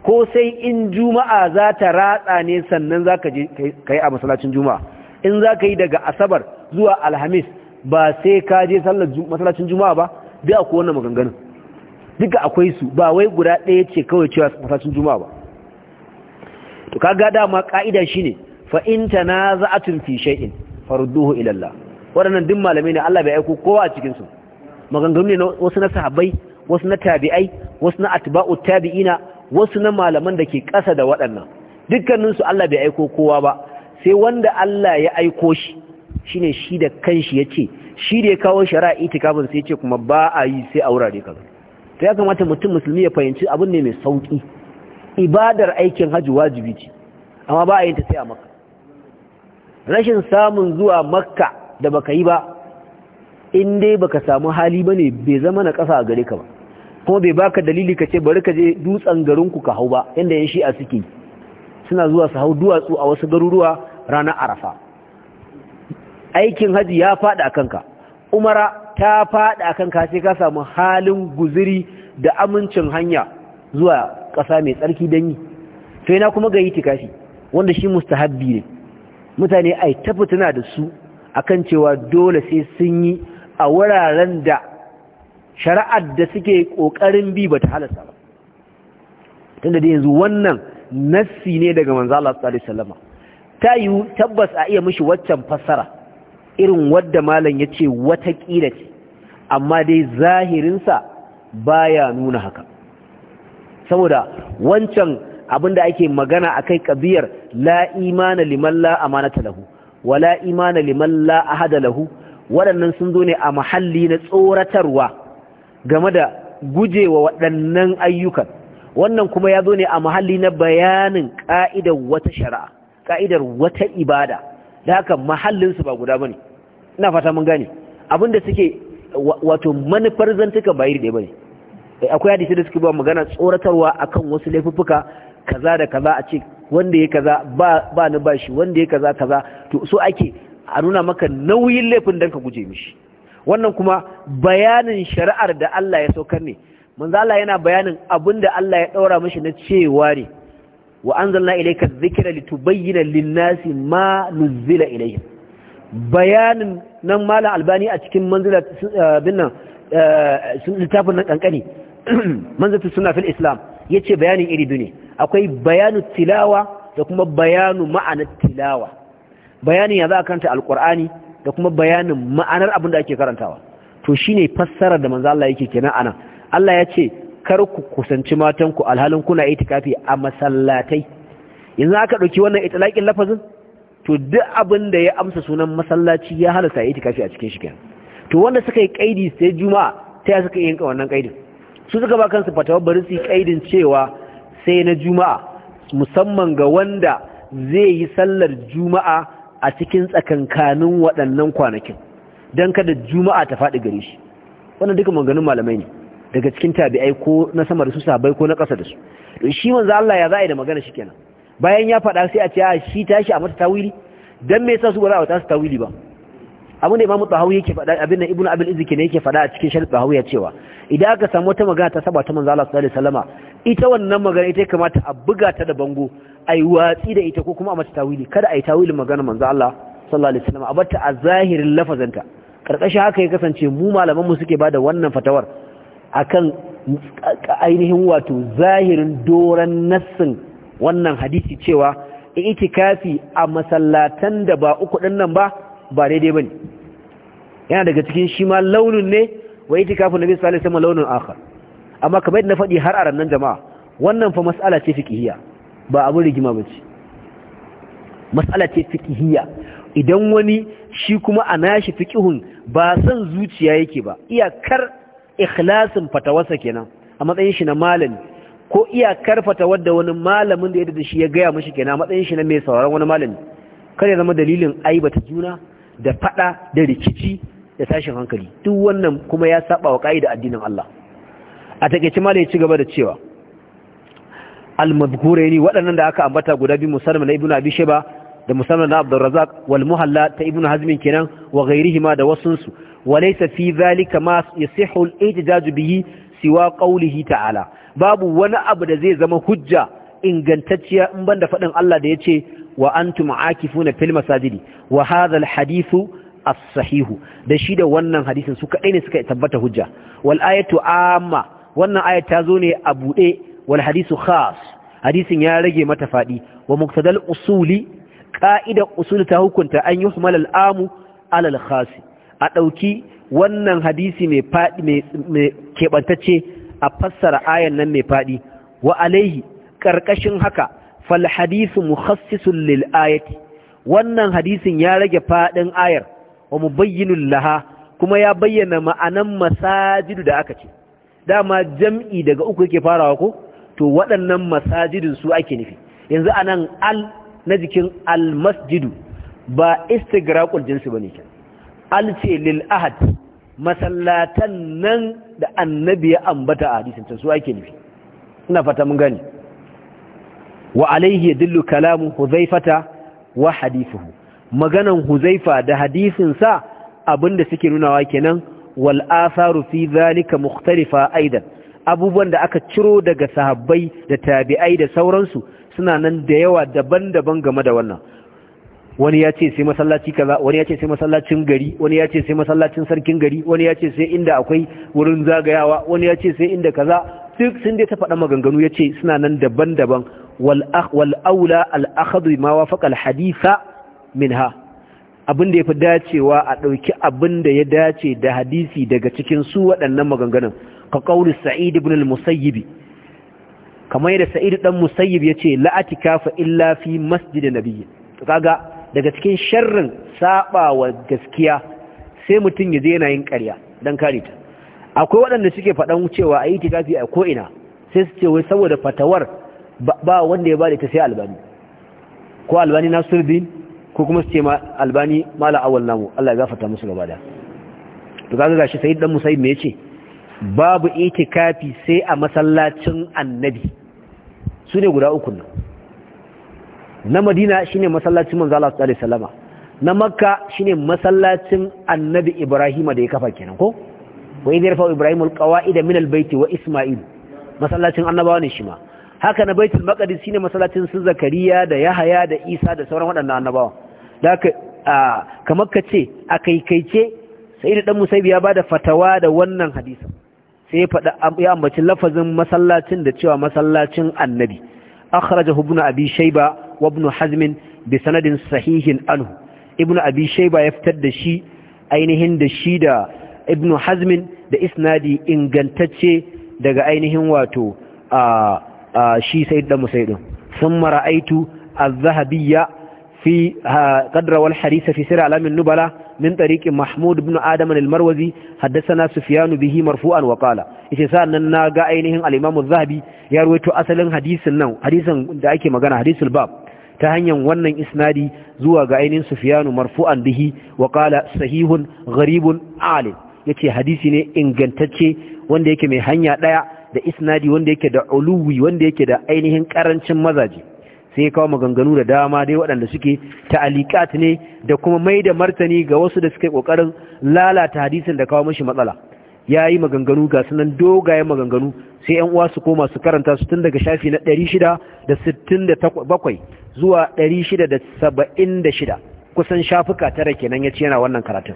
ko sai in juma'a za ta ratsa ne sannan za ka je kai a masallacin juma'a in za ka yi daga asabar zuwa alhamis ba sai ka je masallacin juma'a ba dai akwai wannan maganganun duka akwai su ba wai guda ɗaya ce kawai cewa masashin juma ba to ka gada ma ka'ida shine fa na tun fi shay'in faruduhu ilallah waɗannan duk malamai ne Allah bai aiko kowa a cikinsu. maganganu ne wasu na sahabai, wasu na tabi'ai wasu na atiba'u tabi'ina wasu na malaman da ke ƙasa da waɗannan Dukkaninsu Allah bai aiko kowa ba sai wanda Allah ya aiko shi shine shi da kanshi ce, shi da ya kawo shari'a itikafin sai ce kuma ba a yi sai a wurare kaza to ya kamata mutum musulmi ya fahimci abin ne mai sauki ibadar aikin hajji wajibi ce amma ba a yin ta sai a makka rashin samun zuwa makka da baka yi ba in dai baka samu hali bane bai zama na ƙasa a gare ka ba kuma bai baka dalili ka ce bari ka je dutsen garin ku ka hau ba inda yan shi'a suke suna zuwa su hau duwatsu a wasu garuruwa ranar arafa aikin hajji ya faɗi a kanka umara ta faɗi akan kashi sai ka samu halin guziri da amincin hanya zuwa ƙasa mai tsarki don yi sai na kuma ga yi tikafi wanda shi mustahabbi ne mutane ai ta fituna da su akan cewa dole sai sun yi a wuraren da shari'ar da suke ƙoƙarin bi ba ta halasta ba tunda da yanzu wannan nassi ne daga manzala Allah sallallahu ta yi tabbas a iya mishi waccan fassara irin wadda malam ya ce wata ce amma dai zahirinsa baya nuna haka saboda wancan abinda ake magana akai kabiyar ƙabiyar la’imana liman a amanata lahu wa la'imana limalla liman la lahu waɗannan sun zo ne a mahalli na tsoratarwa game da gujewa waɗannan ayyukan wannan kuma ya zo ne a mahalli na bayanin ƙa'idar wata shara'a, ƙa'idar wata ibada da haka mahallinsu ba guda ba ne ina fata mun gane abinda suke wato manufar zantuka ba iri ba ne. Eh, akwai hadisi da suke ba magana tsoratarwa akan wasu laifuffuka kaza da kaza a ce wanda ya kaza ba ba ni ba shi wanda ya kaza kaza to so ake a nuna maka nauyin laifin dan ka guje mishi wannan kuma bayanin shari'ar da Allah ya saukar ne manzo Allah yana bayanin abin da Allah ya daura mishi na cewa ne wa anzalna ilayka dhikra litubayyana lin-nasi ma nuzila ilayhim bayanin nan mala albani a cikin manzila eh, binnan eh, littafin nan kankani manzatu suna fil islam ya ce bayanin iri biyu ne akwai bayanu tilawa da kuma bayanu ma'anar tilawa bayanin ya za a karanta alkur'ani da kuma bayanin ma'anar abin da ake karantawa to shi ne fassarar da manzo Allah yake kenan anan Allah ya ce kar ku kusanci matanku alhalin kuna itikafi a masallatai yanzu aka ɗauki wannan itilakin lafazin to duk abin da ya amsa sunan masallaci ya halasta ya itikafi a cikin shi kenan to wanda suka yi kaidi sai juma'a ta ya suka yanka wannan kaidin su suka ba kansu fatawa bari su yi kaidin cewa sai na juma'a musamman ga wanda zai yi sallar juma'a a cikin tsakankanin waɗannan kwanakin don kada juma'a ta faɗi gare shi wannan duka maganin malamai ne daga cikin tabi'ai ko na sama da su sabai ko na ƙasa da su shi manzo Allah ya yi da magana shi kenan bayan ya faɗa sai a ce a ah, shi tashi a mata tawili dan me yasa su ba za a wata su tawili ba abin da imamu tahawi yake faɗa abin nan ibnu abil izki ne yake faɗa a cikin sharh tahawi ya cewa idan aka samu wata magana ta saba ta manzo Allah sallallahu alaihi ita wannan magana ita kamata a buga ta da bango ai watsi da ita ko kuma a mata tawili kada yi tawilin magana manzo Allah sallallahu alaihi a barta a zahirin lafazanta karkashin haka ya kasance mu malaman mu suke bada wannan fatawar akan ainihin wato zahirin doran nassin wannan hadisi cewa itikafi a masallatan da ba uku din nan ba ba daidai bane yana daga cikin shi ma launin ne wa itikafin nabi sallallahu alaihi wasallam launin akhar amma kamar yadda na faɗi har a ranar jama'a wannan fa mas'ala ce fiqhiyya ba abin rigima bace mas'ala ce fiqhiyya idan wani shi kuma a nashi fiqhun ba san zuciya yake ba iyakar ikhlasin fatawarsa kenan a matsayin shi na malami ko iya karfata wadda wani malamin da ya da shi ya gaya mashi kenan matsayin shi na mai sauraron wani malami kada ya zama dalilin aibata juna da fada da rikici da tashin hankali duk wannan kuma ya saba wa ka'ida addinin Allah a takeice malai ya ci gaba da cewa al-madhkurayni waɗannan da aka ambata guda biyu musamman na ibnu abi shayba da musamman na razzaq wal muhalla ta ibnu hazm kenan wa ghayrihima da wasunsu walaysa fi zalika ma yasihu al-ihtijaj bihi siwa qawlihi ta'ala babu wani abu da zai zama hujja ingantacciya in banda faɗin Allah da ya ce wa antum na fil masajidi wa hadha hadithu as-sahihu da shi da wannan hadisin su kadai ne suka tabbata hujja wal ayatu amma wannan ayat ta zo ne a bude wal hadisu khas hadisin ya rage mata faɗi. wa muqtadal usuli qa'ida usuli ta hukunta an yuhmal al amu ala al khas a ɗauki wannan hadisi mai mai a fassara ayan nan mai faɗi wa alaihi ƙarƙashin haka fal hadithu mukhassisun lil ayati wannan hadisin ya rage faɗin ayar wa mubayyinul laha kuma ya bayyana ma'anan masajidu da aka ce dama jam'i daga uku yake farawa ko to waɗannan masajidin su ake nufi yanzu anan al na jikin al masjidu ba istigraqul jinsi bane kenan al ce lil ahad masallatan nan da annabi ya ambata a hadisin can su ake nufi ina fata mun gani wa alaihi yadullu kalamu huzaifata wa hadithuhu maganan huzaifa da hadisin sa abinda suke nuna nunawa kenan wal atharu fi zalika mukhtalifa aidan abubuwan da aka ciro daga sahabbai da tabi'ai da sauransu suna nan da yawa daban-daban game da wannan wani ya ce sai masallaci kaza wani ya ce sai masallacin gari wani ya ce sai masallacin sarkin gari wani ya ce sai inda akwai wurin zagayawa wani ya ce sai inda kaza duk sun dai ta faɗa maganganu ya ce suna nan daban-daban wal aula al akhadhu ma wafaqa al haditha minha abin da ya fi dacewa a ɗauki abin da ya dace da hadisi daga cikin su waɗannan maganganun ka qauli sa'id ibn al musayyib kamar yadda sa'id dan musayyib yace la atikafa illa fi masjidin nabiyyi kaga daga cikin sharrin saba wa gaskiya sai mutum ya yana yin karya don kare ta akwai waɗanda suke faɗan cewa a yi ta gafi a ko'ina sai su ce wai saboda fatawar ba wanda ya bada ta sai albani ko albani na surbi ko kuma su ce ma albani mala awal namu Allah ya gafarta musu gaba da to ga shi sai dan musa me yace babu itikafi sai a masallacin annabi su ne guda uku nan na madina shine masallacin manzo Allah sallallahu alaihi na makka shine masallacin annabi Ibrahim da ya kafa kenan ko wa idh yarfa Ibrahim alqawaida min albayt wa isma'il masallacin annabawa ne shi ma haka na baitul maqdis shine masallacin su zakariya da yahaya da isa da sauran waɗannan annabawa da ka kamar ka ce a kaikaice sai da dan musaibi ya bada fatawa da wannan hadisin sai ya faɗa ya ambaci lafazin masallacin da cewa masallacin annabi akhrajahu ibn abi shayba wabnu ibn hazm sanadin sahihin anhu ibn abi shayba ya fitar da shi ainihin da shi da ibn hazm da isnadi ingantacce daga ainihin wato a shi sayyid da musaidin thumma ra'aytu az-zahabiyya في قد روى الحديث في سير أعلام النبلة من طريق محمود بن آدم المروزي حدثنا سفيان به مرفوعا وقال إتسان الناقى أينهم الإمام الذهبي يروي أصل حديث النو حديث دعيك مغانا حديث الباب ta hanyar wannan isnadi zuwa ga ainihin sufiyanu marfu'an bihi wa qala sahihun gharibun alim yace hadisi ne ingantacce wanda yake mai hanya ɗaya da isnadi wanda yake da uluwi wanda yake da ainihin karancin mazaje sai ya kawo maganganu da dama dai waɗanda suke ta'alikat ne da kuma mai da martani ga wasu da suke kokarin lalata hadisin da kawo mashi matsala ya yi maganganu ga sunan dogayen maganganu sai yan uwa su koma su karanta su tun daga shafi na zuwa da shida kusan shafuka tara kenan yace yana wannan karatun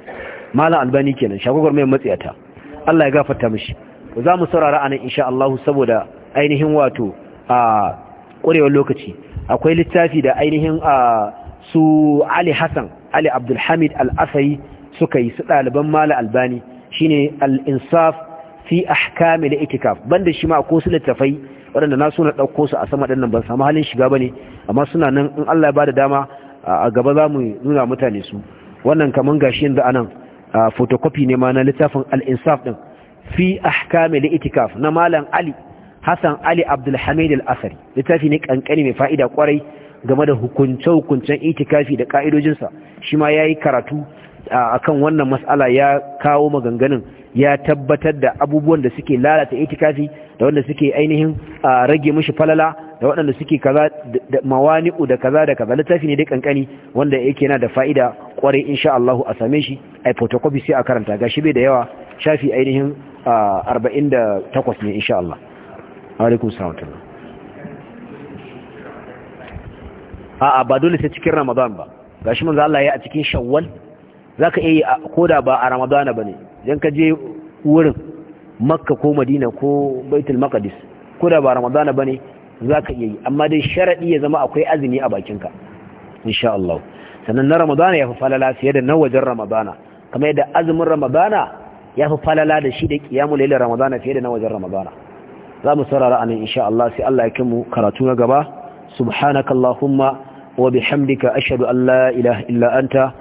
malam albani kenan shagogor mai ta. Allah ya gafarta mishi za mu saurara anan insha Allah saboda ainihin wato a ƙurewar lokaci akwai littafi da ainihin a su Ali Hassan Ali Abdul Hamid Al-Asai suka yi su ɗaliban Malam Albani shine Al-Insaf fi ahkami da itikaf banda shi ma ko su littafai waɗanda na suna ɗauko su a sama ɗan nan ban samu halin shiga ba ne amma suna nan in Allah ya da dama a gaba za mu nuna mutane su wannan kaman gashi yanzu anan photocopy ne ma na littafin al-insaf din fi ahkami al-itikaf na malam Ali Hassan Ali Abdul Hamid asari littafi ne kankani mai fa'ida kwarai game da hukunce-hukuncen itikafi da ka'idojinsa shi ma yi karatu akan wannan mas'ala ya kawo maganganun ya tabbatar da abubuwan da suke lalata itikafi da wanda suke ainihin rage mishi falala da waɗanda suke kaza da mawani'u da kaza da kaza littafi ne dai kankani wanda yake yana da fa'ida kware insha Allah a same shi a photocopy sai a karanta gashi bai da yawa shafi ainihin 48 ne insha Allah alaikum salam a'a ba dole sai cikin Ramadan ba gashi manzo Allah ya a cikin Shawwal zaka iya koda ba a ramadana bane idan ka je wurin makka ko madina ko baitul maqdis ko da ba ramadana bane zaka iya yi amma dai sharadi ya zama akwai azumi a bakinka insha Allah sannan na ramadana ya fi falala fiye da na wajen ramadana kamar yadda azumin ramadana ya fi falala da shi da kiyamu lailar ramadana fiye da na wajen ramadana za mu saurara a nan insha Allah sai Allah ya kimu karatu na gaba subhanakallahumma wa bihamdika ashhadu an la ilaha illa anta